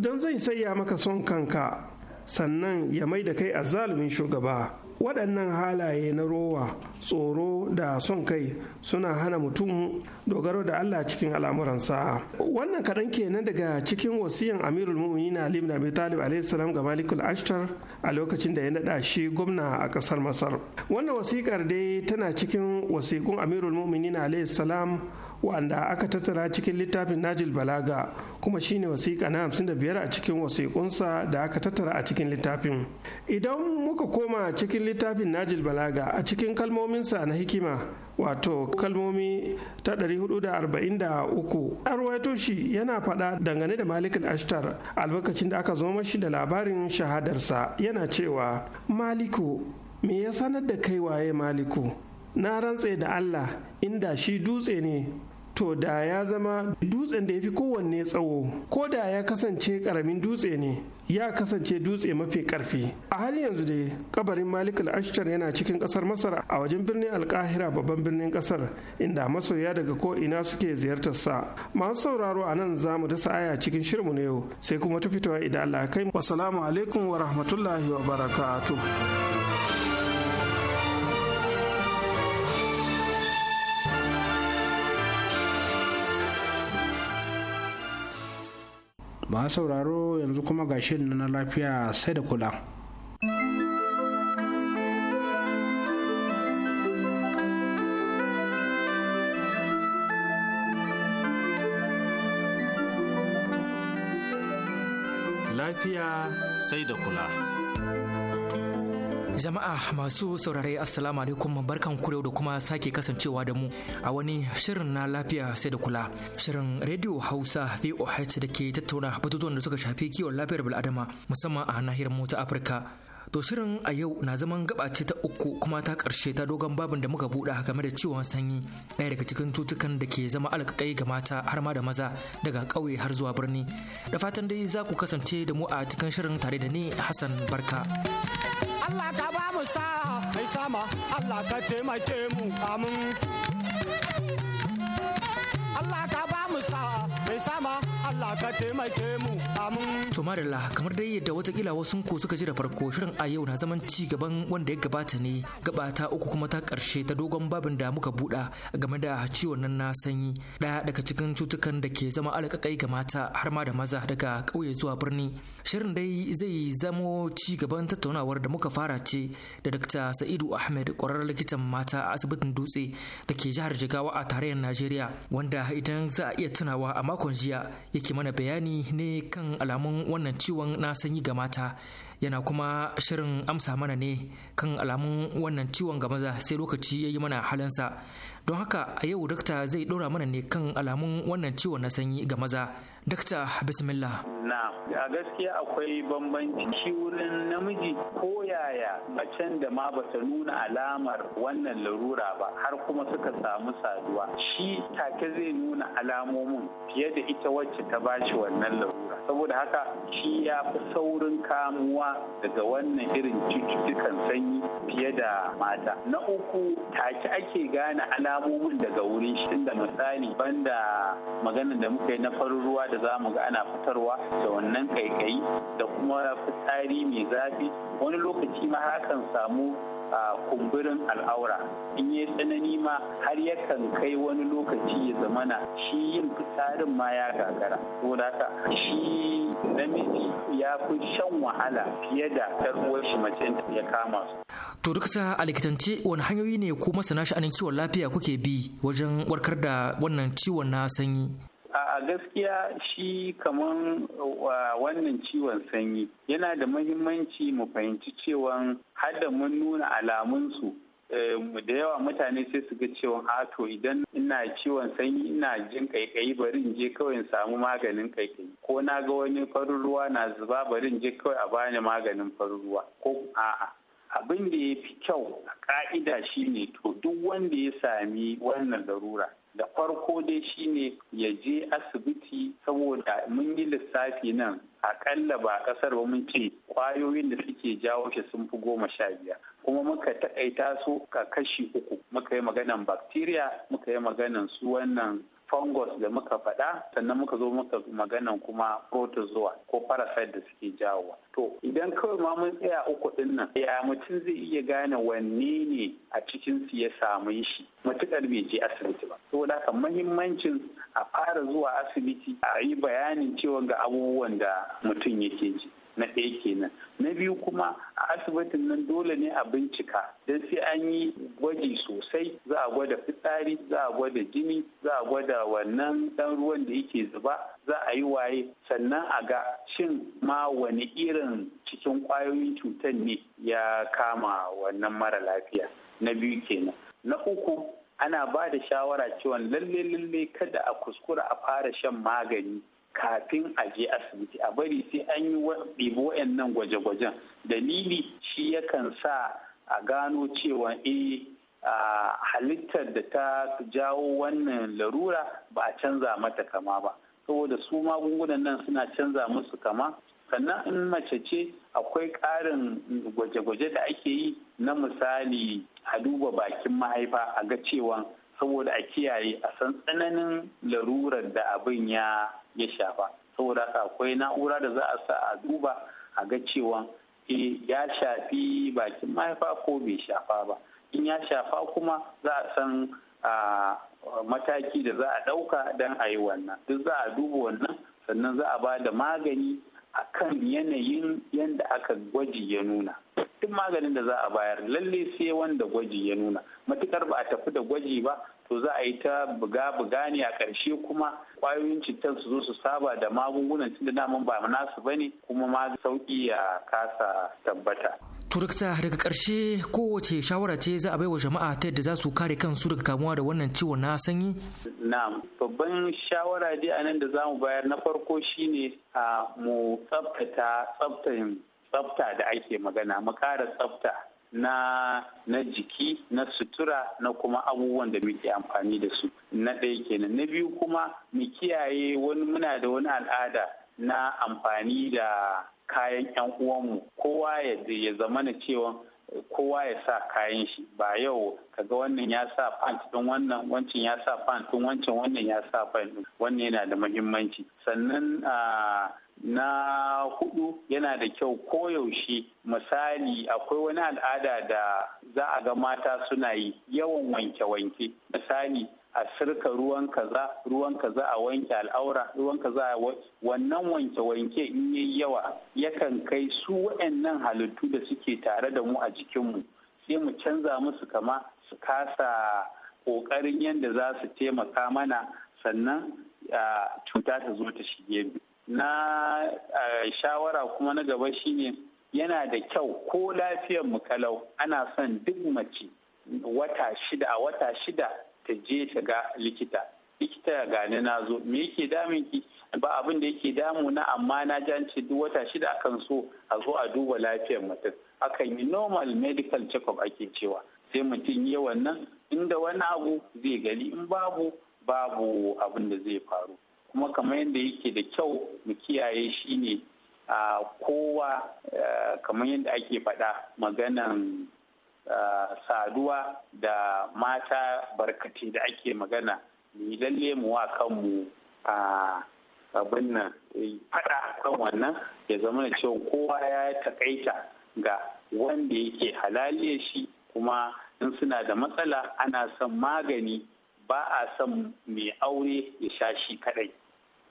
don zai saya maka son kanka sannan ya mai da kai a zalumin shugaba waɗannan halaye na rowa tsoro da son kai suna hana mutum dogaro da Allah cikin al'amuransa wannan kaɗan kenan daga cikin wasiyan amirul mu'minin Ali ibn Abi Talib salam ga Malikul Ashtar a lokacin da ya naɗa shi gwamna a ƙasar Masar wannan wasikar dai tana cikin wasiƙun amirul mu'minin salam wanda aka tattara cikin littafin najil balaga kuma shine wasiƙa na 55 a cikin wasiƙunsa da aka tattara a cikin littafin idan muka koma cikin littafin najil balaga a cikin kalmominsa na hikima wato kalmomi ta 443 arwaito shi yana faɗa dangane da malik ashtar albarkacin da aka zo mashi da labarin shahadarsa yana cewa maliku me ya sanar da kai waye maliku na rantse da allah inda shi dutse ne to da ya zama dutsen da ya fi kowanne tsawo ko da ya kasance karamin dutse ne ya kasance dutse mafi karfi a hali yanzu dai kabarin malik al-ashtar yana cikin kasar masar a wajen birnin alkahira babban birnin kasar inda masoya daga ko ina suke ziyartar sa masu sauraro a nan za mu dasa aya cikin shirmu na yau sai kuma ta fitowa idan allah kai wasalamu alaikum wa rahmatullahi wa barakatuh Ba sauraro yanzu kuma gashin na na lafiya sai da kula lafiya sai da kula Jama'a masu saurare Assalamu alaikum barkan kurewa da kuma sake kasancewa da mu a wani shirin na lafiya sai da kula. Shirin Radio Hausa VOH da ke tattauna batutuwan da suka shafi kiwon lafiyar bil'adama musamman a nahiyar mota ta Afirka. To shirin a yau na zaman gaba ce ta uku kuma ta ƙarshe ta dogon babin da muka buɗa game da ciwon sanyi ɗaya daga cikin cutukan da ke zama alƙaƙai ga mata har ma da maza daga ƙauye har zuwa birni. Da fatan dai za ku kasance da mu a cikin shirin tare da ni Hassan Barka. Allah ka ba mu sa'a mai sama Allah ka taimake mu amin. Allah ka ba mu sa'a mai sama Allah ka taimake mu To Marilla, kamar dai yadda watakila wasu ko suka ji da farko shirin a yau na zaman ci gaban wanda ya gabata ne gaba uku kuma ta karshe ta dogon babin da muka buɗa game da ciwon nan na sanyi ɗaya daga cikin cutukan da ke zama alƙaƙai ga mata har ma da maza daga ƙauye zuwa birni. shirin dai zai zamo ci gaban tattaunawar da muka fara ce da dr sa'idu ahmed ƙwararren likitan mata a asibitin dutse da ke jihar jigawa a tarayyar najeriya wanda idan za a iya tunawa a makon jiya yake mana bayani ne kan alamun wannan ciwon na sanyi ga mata yana kuma shirin amsa mana ne kan alamun wannan ciwon ga maza sai lokaci ya yi mana halinsa don haka a yau dakta zai ɗora mana ne kan alamun wannan ciwon na sanyi ga maza Dokta, Bismillah. a gaskiya akwai bambanci shi wurin namiji ko yaya macen da ma bata nuna alamar wannan larura ba har kuma suka samu saduwa. Shi take zai nuna alamomin fiye da ita wacce ta bashi wannan larura. Saboda haka shi ya fi saurin kamuwa daga wannan irin cututtukan sanyi fiye da mata. Na uku take ake gane alamomin daga wurin shi da misali banda maganar da muka yi na farin ruwa da za mu ga ana fitarwa da wannan kaikayi da kuma fitsari mai zafi wani lokaci ma hakan samu a kumburin al'aura in yi tsanani ma har yakan kai wani lokaci ya zamana shi yin fitsarin ma ya gagara ko haka shi namiji ya fi shan wahala fiye da karuwar shi mace ya kama su. To duk a likitance wani hanyoyi ne ko masana sha'anin kiwon lafiya kuke bi wajen warkar da wannan ciwon na sanyi? a gaskiya shi kamar wannan ciwon sanyi yana da mahimmanci mu fahimci cewa hada mun nuna alamunsu eh, da yawa mutane sai su ga cewa to idan ina ciwon sanyi ina jin kaikayi bari in je kawai in samu maganin kaikayi ko na ga wani farin ruwa na zuba bari in je kawai a bani maganin farin ruwa ko a'a abin da ya fi kyau a ka'ida shine to duk wanda ya sami wannan larura da farko dai shine ya je asibiti saboda mun yi lissafi nan akalla ba a kasar ba mun ce kwayoyin da suke jawo shi sun fi goma sha biyar kuma muka takaita su ka kashi uku muka yi maganan bacteria muka yi maganan su wannan fungus da muka faɗa sannan muka zo muka maganan kuma protozoa ko parasite da suke jawowa to idan kawai ma mun tsaya uku ɗin nan ya mutum zai iya gane wanne ne a cikin su ya samu shi matukar bai je asibiti ba saboda haka mahimmancin a fara zuwa asibiti a yi bayanin cewa ga abubuwan da mutum yake ji na ɗaya kenan na biyu kuma a asibitin nan dole ne a bincika don sai an yi gwaji sosai za a gwada fitsari za a gwada jini za a gwada wannan ɗan ruwan da yake zuba za a yi waye sannan a ga shin ma wani irin cikin ƙwayoyin cutar ne ya kama wannan mara lafiya na biyu kenan na uku ana ba da shawara cewa lalle lalle kada a kuskura a fara shan magani kafin a je asibiti a bari sai an yi ɗibo nan gwaje-gwajen dalili shi yakan sa a gano cewa eh halittar da ta jawo wannan larura ba a canza mata kama ba saboda su magungunan nan suna canza musu kama sannan in mace ce akwai ƙarin gwaje-gwaje da ake yi na misali a duba bakin mahaifa a ga cewa saboda a kiyaye a san tsananin larurar da abin ya ya shafa saboda haka akwai na'ura da za a sa a duba a ga cewa eh, ya shafi bakin mahaifa ko bai shafa ba in ya shafa kuma za a san mataki da za a ɗauka don a yi wannan duk za a duba wannan sannan za a ba da magani a kan yanayin yadda aka gwaji ya nuna duk maganin da za a bayar lalle sai wanda gwaji ya nuna matukar ba a tafi da gwaji ba to za a yi ta buga-buga ne a ƙarshe kuma ƙwayoyin cutar su zo su saba da magungunan tunda namun ba nasu ba ne kuma ma sauƙi ya kasa tabbata. Turakta daga ƙarshe kowace shawara ce za a baiwa jama'a ta yadda za su kare kansu daga kamuwa da wannan ciwon na sanyi? na'am babban shawara dai a nan da za mu bayar na farko shine a mu tsabtata tsabtan tsafta da ake magana mu kara tsabta na na jiki na sutura na kuma abubuwan da muke amfani da su na ɗaya kenan na biyu kuma mu kiyaye wani muna da wani al'ada na amfani da kayan yan uwanmu kowa ya zama na cewa kowa ya sa kayan shi ba yau kaga wannan ya sa pant din wannan wancan ya sa pant din wancan wannan ya sa pant wannan yana da muhimmanci sannan ah, na hudu yana da kyau koyaushe misali akwai wani al'ada da za a ga mata suna yi yawan wanke-wanke misali a sirka ruwan kaza ruwan kaza a wanke al'aura ruwan kaza a wannan wanke-wanke in yi yawa yakan kai su waɗannan halittu da suke tare da mu a jikinmu sai mu canza musu kama su kasa ƙoƙarin yadda za su taimaka mana sannan ah, cuta ta zo ta shige mu na shawara kuma na gaba shine yana da kyau ko lafiyar mu kalau ana son duk mace wata shida a wata shida ta je ta ga likita likita ya gane na zo me yake damun ki ba abin da yake damu na amma na jance duk wata shida akan so a zo a duba lafiyar mutum akan yi normal medical check-up ake cewa sai mutum yi wannan inda wani abu zai gani in babu babu abin da zai faru kuma kamar yadda yake da kyau mu kiyaye shi a kowa kamar yadda ake faɗa maganan saduwa da mata barkati da ake magana mu lalle mu wa kanmu a abin nan eh, faɗa kan wannan ya zama da cewa kowa ya takaita ga wanda yake halaliya shi kuma in suna da matsala ana son magani ba a son mai aure ya sha shi kaɗai.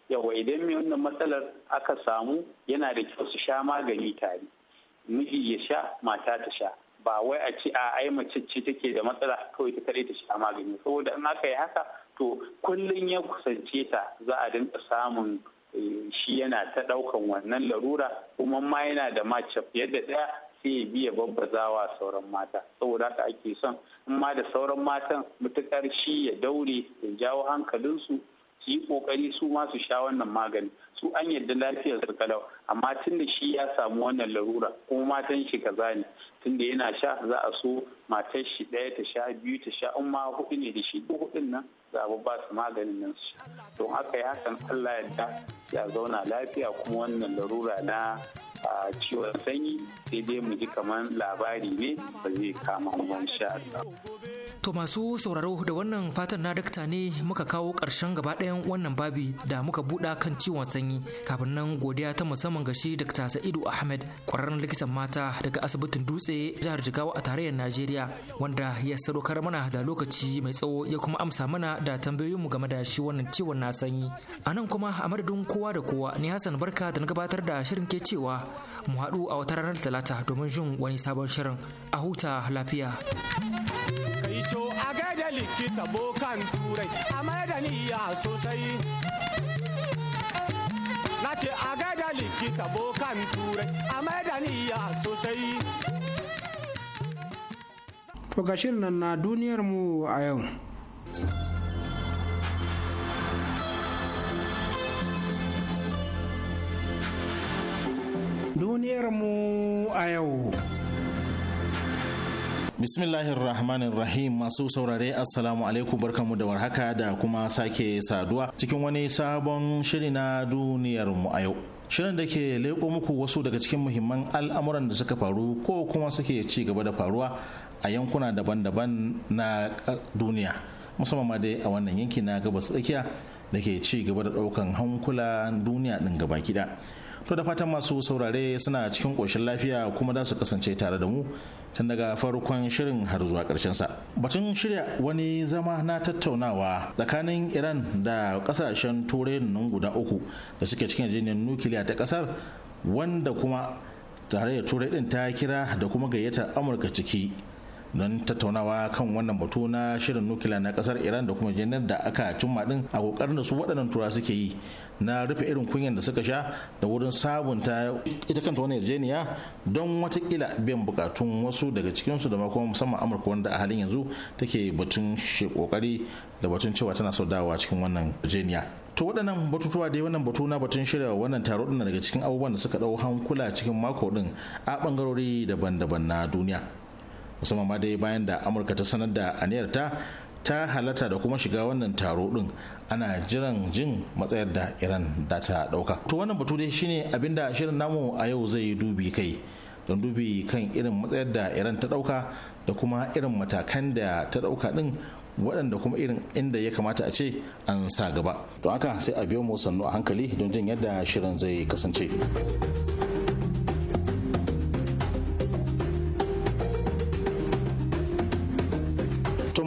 yawa idan mai wannan matsalar aka samu yana da kyau su sha magani tare miji ya sha mata ta sha ba wai a ce a ai mace ce take da matsala kawai ta kare ta sha magani saboda in aka yi haka to kullum ya kusance ta za a dinka samun eh, shi yana ta daukan wannan larura kuma ma yana da mace fiye da daya sai ya biya babbazawa sauran mata saboda haka ake son in ma da sauran matan mutukar shi ya daure ya jawo hankalinsu su yi kokari su ma su sha wannan magani su an yadda lafiyar su kalau amma tun shi ya samu wannan larura kuma matan shi kaza ne tun yana sha za a so matar shi ɗaya ta sha biyu ta sha in ma hudu ne da shi duk hudun nan za a ba su maganin nan su don haka ya hakan Allah yadda ya zauna lafiya kuma wannan larura na a ciwon sanyi sai dai mu ji kamar labari ne ba zai kama ruwan sha To masu sauraro da wannan fatan na dakta ne muka kawo ƙarshen gaba ɗayan wannan babi da muka buɗa kan ciwon sanyi kafin nan godiya ta musamman ga shi dakta Sa'idu Ahmed ƙwararren likitan mata daga asibitin Dutse jihar Jigawa a tarayyar Najeriya wanda ya sadaukar mana da lokaci mai tsawo ya kuma amsa mana da tambayoyinmu game da shi wannan ciwon na sanyi. A nan kuma a madadin kowa da kowa ni Hassan Barka da na gabatar da shirin ke cewa mu haɗu a wata ranar talata domin jin wani sabon shirin a huta lafiya. Kai to a gaida likita bokan turai a madaniya sosai. Na ce a gaida likita bokan turai a madaniya sosai. To ga shirin nan na duniyarmu a yau. duniyarmu a yau. Bismillahir Rahmanir Rahim masu saurare Assalamu alaikum barkanmu da warhaka da kuma sake saduwa cikin wani sabon shiri na duniyarmu a yau. Shirin da ke leƙo muku wasu daga cikin muhimman al'amuran da suka faru ko kuma suke ci gaba da faruwa a yankuna daban-daban na duniya musamman ma dai a wannan yanki na gabas tsakiya da ke ci gaba da ɗaukan hankula duniya ɗin gaba gida. to da fatan masu saurare suna cikin ƙoshin lafiya kuma za su kasance tare da mu tun daga farkon shirin har zuwa karshen sa batun shirya wani zama na tattaunawa tsakanin iran da kasashen turai nan guda uku da suke cikin jinin nukiliya ta ƙasar wanda kuma tare da turai ɗin ta kira da kuma gayyatar amurka ciki don tattaunawa kan wannan batu na shirin nukila na kasar iran da kuma janar da aka cimma din a kokarin da su waɗannan tura suke yi na rufe irin kunyan da suka sha da wurin sabunta ita kanta wani yarjeniya don watakila biyan bukatun wasu daga cikinsu da kuma musamman amurka wanda a halin yanzu take batun shi kokari da batun cewa tana so dawowa cikin wannan yarjejeniya to waɗannan batutuwa dai wannan batu na batun shirya wannan taro ɗin daga cikin abubuwan da suka ɗau hankula cikin mako din a ɓangarori daban-daban na duniya musamman ma dai bayan da amurka ta sanar da aniyarta ta halatta da kuma shiga wannan taro din ana jiran jin matsayar da iran da ta dauka to wannan batu dai shine abinda shirin namu a yau zai dubi kai don dubi kan irin matsayar da iran ta dauka da kuma irin matakan da ta dauka din waɗanda kuma irin inda ya kamata a ce an sa gaba to haka sai a biyo mu sannu a hankali don jin yadda shirin zai kasance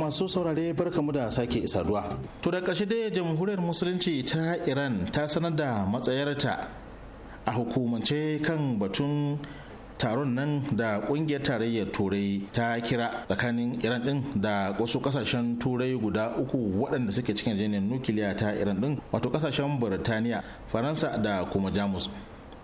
masu saurare barkamu da sake saduwa. To da ƙarshe dai jamhuriyar musulunci ta Iran ta sanar da matsayarta a hukumance kan batun taron nan da ƙungiyar tarayyar turai ta kira tsakanin iran din da wasu kasashen turai guda uku waɗanda suke cikin jinin nukiliya ta iran din wato kasashen burtaniya faransa da kuma jamus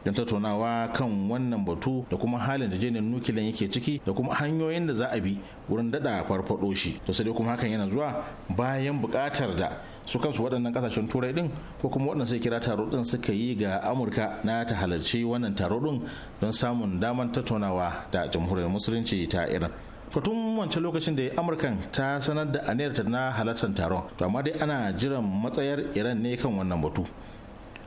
don tattaunawa kan wannan batu da kuma halin da jenin nukilan yake ciki da kuma hanyoyin da za a bi wurin dada farfado shi to sai dai kuma hakan yana zuwa bayan bukatar da su kansu waɗannan kasashen turai din ko kuma waɗanda sai kira taro din suka yi ga amurka na ta halarci wannan taro din don samun damar tattaunawa da jamhuriyar musulunci ta iran to tun wancan lokacin da amurkan ta sanar da aniyarta na halartar taron to amma dai ana jiran matsayar iran ne kan wannan batu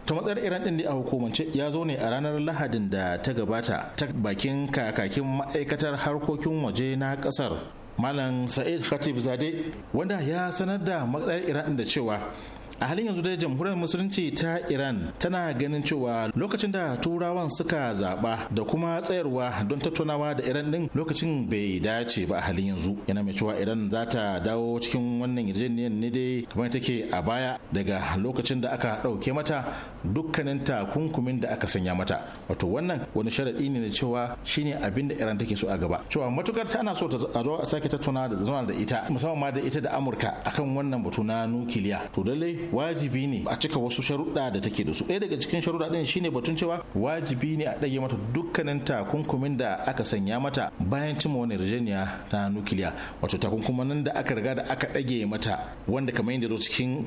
ta matsayar iran din ne a hukumance ya zo ne a ranar lahadin da ta gabata ta bakin kakakin ma'aikatar harkokin waje na kasar malam sa'id khatib zade wanda ya sanar da matsayar iran da cewa a halin yanzu dai jamhuriyar musulunci ta iran tana ganin cewa lokacin da turawan suka zaba da kuma tsayarwa don tattaunawa da iran din lokacin bai dace ba a halin yanzu yana mai cewa iran za ta dawo cikin wannan yarjejeniyar ne dai kamar take a baya daga lokacin da aka ɗauke mata dukkanin takunkumin da aka sanya mata wato wannan wani sharaɗi ne na cewa shine abin da iran take so a gaba cewa matukar tana so ta zo a sake tattauna da zama da ita musamman ma da ita da amurka akan wannan batu na nukiliya to lallai wajibi ne a cika wasu sharuɗa da take da su ɗaya daga cikin sharuɗa ɗin shine batun cewa wajibi ne a ɗage mata dukkanin takunkumin da aka sanya mata bayan cimma wani rijiniya ta nukiliya wato takunkumin da aka riga da aka ɗage mata wanda kamar yadda zo cikin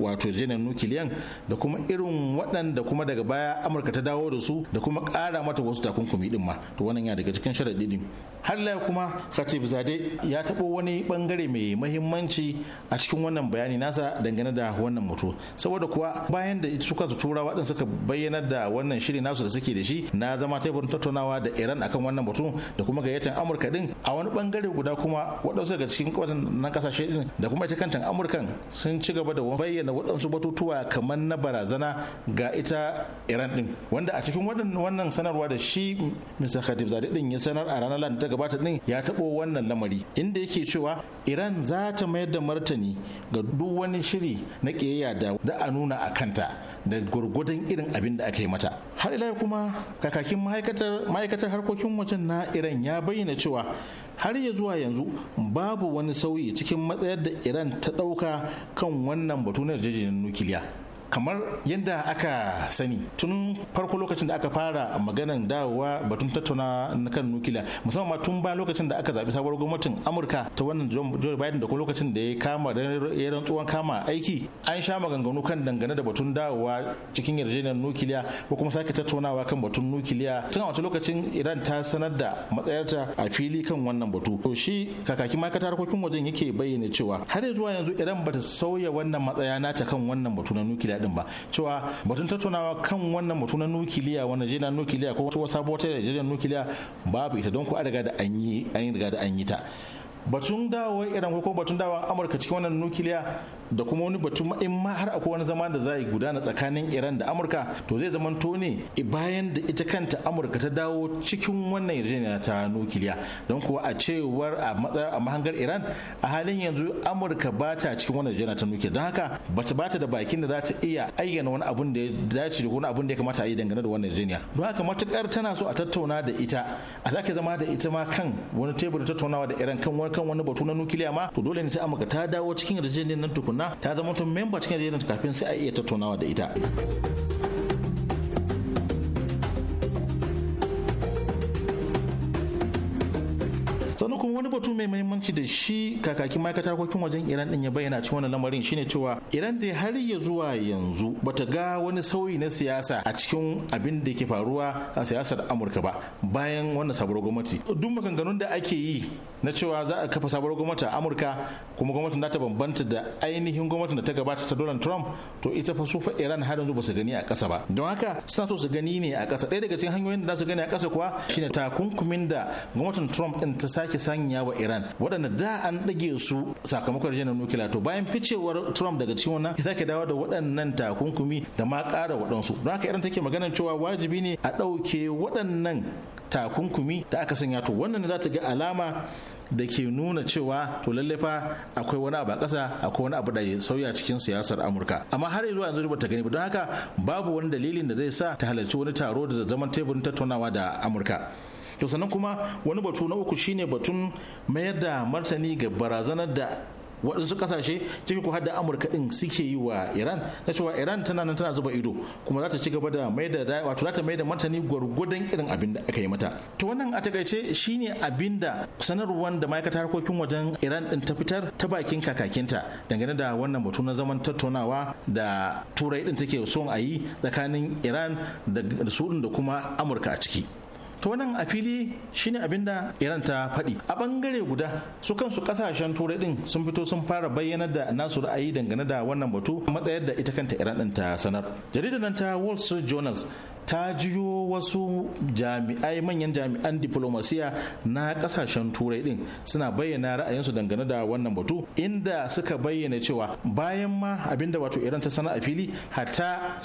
wato rijiniyar nukiliyan da kuma irin waɗanda kuma daga baya amurka ta dawo da su da kuma ƙara mata wasu takunkumi ɗin ma to wannan ya daga cikin sharaɗi ɗin har kuma khatib zade ya taɓo wani ɓangare mai mahimmanci a cikin wannan bayani nasa dangane da wannan wannan mutu saboda kuwa bayan da suka turawa din suka bayyana da wannan shiri nasu da suke da shi na zama teburin tattaunawa da Iran akan wannan mutu da kuma gayyatar Amurka din a wani bangare guda kuma waɗansu daga cikin nan kasashe din da kuma ita kanta Amurkan sun ci gaba da bayyana waɗansu batutuwa kamar na barazana ga ita Iran din wanda a cikin wannan sanarwa da shi Mr. Khatib zade din ya sanar a ranar Lahadi ta gabata din ya taɓo wannan lamari inda yake cewa Iran za ta mayar da martani ga duk wani shiri na kiyayya da da a nuna a kanta da gwargwadon irin abin da aka yi mata har ila kuma kakakin ma'aikatar ma'aikatar harkokin wajen na iran ya bayyana cewa har ya zuwa yanzu babu wani sauyi cikin matsayar da iran ta ɗauka kan wannan batu na yarjejeniyar nukiliya kamar yadda aka sani tun farko lokacin da aka fara maganan dawowa batun tattauna na kan nukiliya musamman ma tun ba lokacin da aka zaɓi sabuwar gwamnatin amurka ta wannan joe biden da kuma lokacin da ya kama da ya rantsuwan kama aiki an sha maganganu kan dangane da batun dawowa cikin yarjejeniyar nukiliya ko kuma sake tattaunawa kan batun nukiliya tun a wata lokacin iran ta sanar da matsayarta a fili kan wannan batu to shi kakakin ma'aikatar harkokin wajen yake bayyana cewa har zuwa yanzu iran bata sauya wannan matsaya nata kan wannan batu na nukiliya din ba cewa batun tattaunawa kan wannan mutum na nukiliya wanda jina nukiliya ko wata sabuwar ta nukiliya babu ita don ko an riga da an yi ta batun dawo iran ko batun dawo amurka cikin wannan nukiliya da kuma wani batun in ma har akwai wani zama da za a gudana tsakanin iran da amurka to zai zama to ne bayan da ita kanta amurka ta dawo cikin wannan yarjejeniya ta nukiliya don kuwa a cewar a matsayar a mahangar iran a halin yanzu amurka ba ta cikin wannan yarjejeniya ta nukiliya don haka ba ta bata da bakin da za ta iya ayyana wani abun da ya dace da wani abun da ya kamata a yi dangane da wannan yarjejeniya don haka matukar tana so a tattauna da ita a sake zama da ita ma kan wani tebur tattaunawa da iran kan wani kan wani batu na nukiliya ma to dole ne sai amurka ta dawo cikin yarjejeniyar nan tukuna ta zama memba cikin yarjejeniyar kafin sai a iya tattaunawa da ita kuma wani batu mai mahimmanci da shi kakakin ma'aikatar harkokin wajen iran din ya bayyana cikin wannan lamarin shine cewa iran dai har ya zuwa yanzu bata ga wani sauyi na siyasa a cikin abin da ke faruwa a siyasar amurka ba bayan wannan sabuwar gwamnati duk maganganun da ake yi na cewa za a kafa sabuwar gwamnati a amurka kuma gwamnatin za ta bambanta da ainihin gwamnatin da ta gabata ta donald trump to ita fa sufa iran har yanzu ba su gani a ƙasa ba don haka suna so su gani ne a ƙasa ɗaya daga cikin hanyoyin da za su gani a ƙasa kuwa shine takunkumin da gwamnatin trump din ta sake sanya wa Iran waɗanda da an ɗage su sakamakon yanar nukila to bayan ficewar Trump daga cikin wannan ya sake dawo da waɗannan takunkumi da ma ƙara waɗansu don haka Iran take maganar cewa wajibi ne a ɗauke waɗannan takunkumi da aka sanya to wannan za ta ga alama da ke nuna cewa to lalle fa akwai wani abu a ƙasa akwai wani abu da ya sauya cikin siyasar Amurka amma har yanzu yanzu ba ta gani ba don haka babu wani dalilin da zai sa ta halarci wani taro da zaman teburin tattaunawa da Amurka yau sannan kuma wani batu na uku shine batun mayar da martani ga barazanar da waɗansu ƙasashe ciki ko da amurka ɗin suke yi wa iran na cewa iran tana nan tana zuba ido kuma za ta ci gaba da mai da wato za ta mai da martani gwargwadon irin abin da aka yi mata to wannan a takaice shine abin da sanarwar da ma'aikatar harkokin wajen iran ɗin ta fitar ta bakin kakakinta dangane da wannan batu na zaman tattaunawa da turai ɗin take son a yi tsakanin iran da su da kuma amurka a ciki to nan a fili shine abinda iran ta faɗi a ɓangare guda su kansu ƙasashen turai ɗin sun fito sun fara bayyanar da nasu ra'ayi dangane da wannan batu matsayar da ita kanta iran ɗin ta sanar jaridar nan ta wall street journals ta jiyo wasu jami'ai manyan jami'an diplomasiya na kasashen turai din suna bayyana ra'ayinsu dangane da wannan batu inda suka bayyana cewa bayan ma abinda wato iran ta sana a fili hatta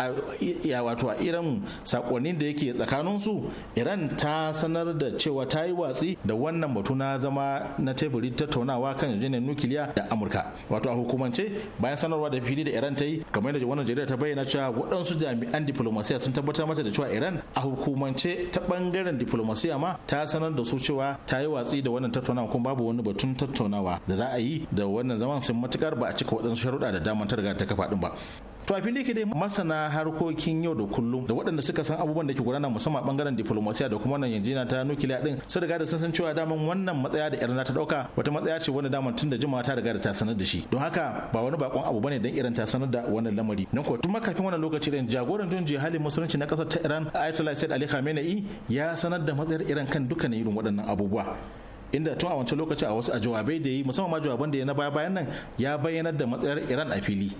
ya wato a iran sakonnin da yake tsakaninsu iran ta sanar da cewa ta yi watsi da wannan batu na zama na teburi tattaunawa kan jinin nukiliya da amurka wato a hukumance bayan sanarwa da fili da iran ta yi kamar yadda wannan jarida ta bayyana cewa waɗansu jami'an diplomasiya sun tabbatar mata da cewa iran a hukumance ta bangaren diplomasiya ma ta sanar da su cewa ta yi watsi da wannan tattaunawa kuma babu wani batun tattaunawa da za a yi da wannan zaman sun matukar ba a cika waɗansu sharuɗa da dama ta riga ta kafa din ba To a fili ke dai masana harkokin yau da kullum da waɗanda suka san abubuwan da ke gudana musamman bangaren diplomasiya da kuma wannan yanjina ta nukiliya din sun riga da sun san cewa daman wannan matsaya da Iran ta dauka wata matsaya ce wani daman tun da jimawa ta riga da ta sanar da shi. Don haka ba wani bakon abu bane dan Iran ta sanar da wannan lamari. Nan ko tun kafin wannan lokaci din jagoran jiya jihalin musulunci na kasar ta Iran Ayatollah Said Ali Khamenei ya sanar da matsayar Iran kan dukkanin irin waɗannan abubuwa. inda tun a wancan lokaci a wasu a jawabai da yi musamman ma jawaban da ya na baya bayan nan ya bayyanar da matsayar Iran a fili.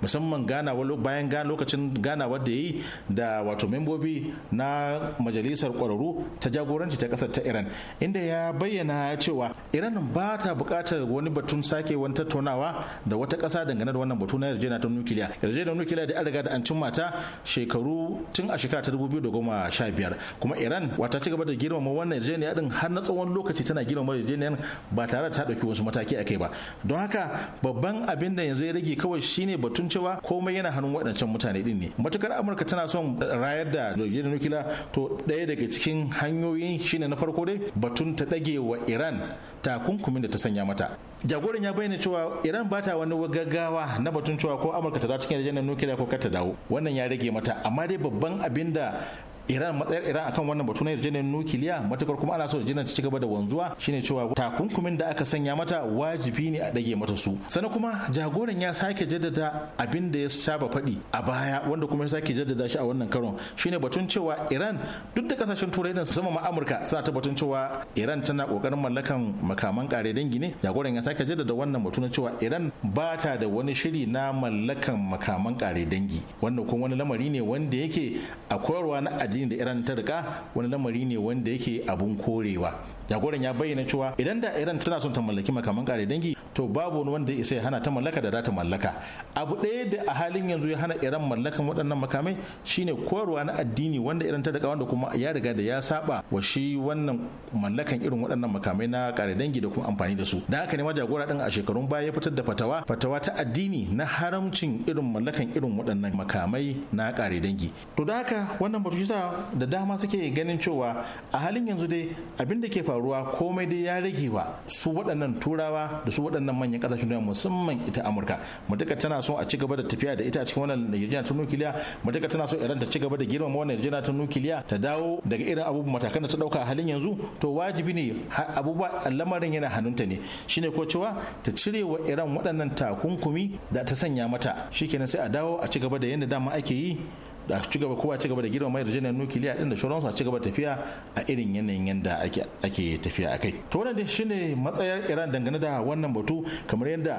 musamman ganawa bayan lokacin ganawa da ya yi da wato membobi na majalisar kwararru ta jagoranci ta kasar ta iran inda ya bayyana cewa iran ba ta bukatar wani batun sake wani tattaunawa da wata kasa dangane da wannan batu na yarjejeniya ta nukiliya yarjejeniya nukiliya da an riga da an cimma ta shekaru tun a shekara ta sha biyar kuma iran wata ci gaba da girmama wannan yarjejeniya din har na tsawon lokaci tana girmama yarjejeniyar ba tare da ta dauki wasu mataki a kai ba don haka babban abin da yanzu ya rage kawai shine batun cewa komai yana hannun waɗancan mutane din ne matukar amurka tana son rayar da jirgin nukila to ɗaya daga cikin hanyoyin shine na farko dai batun ta ɗage wa iran takunkumin da ta sanya mata jagoran ya bayyana cewa iran ba ta wani gaggawa na batun cewa ko amurka ta dawo cikin yarjejeniyar nukila ko ta dawo wannan ya rage mata amma dai babban abin da iran matsayar iran akan wannan batu na yarjejeniyar nukiliya matukar kuma ana so yarjejeniyar ta ci gaba da wanzuwa shine cewa takunkumin da aka sanya mata wajibi ne a dage mata su sannan kuma jagoran ya sake jaddada abin da ya saba faɗi a baya wanda kuma ya sake jaddada shi a wannan karon shine batun cewa iran duk da kasashen turai din sama ma amurka suna ta batun cewa iran tana kokarin mallakan makaman kare dangi ne jagoran ya sake jaddada wannan batu na cewa iran ba ta da wani shiri na mallakan makaman kare dangi wannan kuma wani lamari ne wanda yake a koyarwa na addini addini da iran ta wani lamari ne wanda yake abun korewa jagoran ya bayyana cewa idan da iran tana son ta mallaki makaman kare dangi to babu wani wanda ya isa ya hana ta mallaka da za ta mallaka abu ɗaya da a halin yanzu ya hana iran mallakan waɗannan makamai shine koyarwa na addini wanda iran ta daga wanda kuma ya riga da ya saba wa shi wannan mallakan irin waɗannan makamai na kare dangi da kuma amfani da su da haka ne ma jagora din a shekarun baya ya fitar da fatawa fatawa ta addini na haramcin irin mallakan irin waɗannan makamai na kare dangi to da haka wannan batu da dama suke ganin cewa a halin yanzu dai abin da ke faru faruwa komai dai ya rage wa su waɗannan turawa da su waɗannan manyan ƙasashen duniya musamman ita amurka matuƙa tana so a ci gaba da tafiya da ita a cikin wannan yarjejeniya ta nukiliya matuƙa tana so iran ta ci gaba da girmama wannan yarjejeniya ta nukiliya ta dawo daga irin abubuwan matakan da ta ɗauka a halin yanzu to wajibi ne abubuwa lamarin yana hannunta ne shine ko cewa ta cire wa iran waɗannan takunkumi da ta sanya mata shikenan sai a dawo a ci gaba da yadda dama ake yi da ci gaba kowa ci gaba da girma mai rijiyar nukiliya din da shuransu a ci tafiya a irin yanayin yadda ake tafiya a kai to wannan dai shine matsayar iran dangane da wannan batu kamar yadda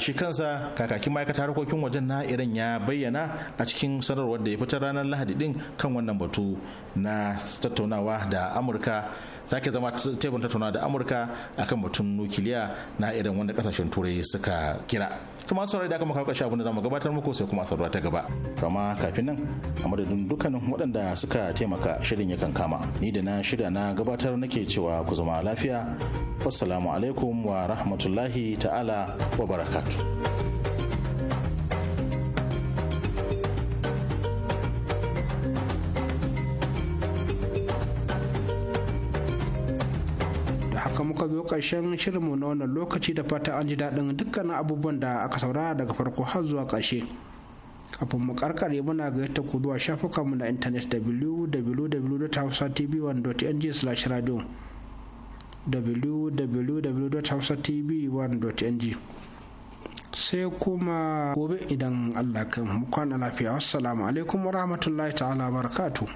shi kansa kakakin ma'aikatar harkokin wajen na iran ya bayyana a cikin sanarwar da ya fitar ranar lahadi din kan wannan batu na tattaunawa da amurka sake zama teburin tattauna da amurka akan batun nukiliya na irin wanda kasashen turai suka kira su masu saurari da aka maka kashe abin da gabatar muku sai kuma saurara ta gaba kama kafin nan a madadin dukkanin waɗanda suka taimaka shirin yakan kama ni da na shirya na gabatar nake cewa ku zama lafiya wassalamu alaikum wa rahmatullahi ta'ala wa barakatu. muka zo shirin shirinmu na wannan lokaci da fata an ji daɗin dukkanin abubuwan da aka saurara daga farko har zuwa ƙarshe. kafin mu karkare muna ga ta ku zuwa shafukanmu na intanet www.hausatv1.ng/radio www.hausatv1.ng sai kuma gobe idan Allah kan mu kwana lafiya assalamu alaikum wa rahmatullahi ta'ala barakatu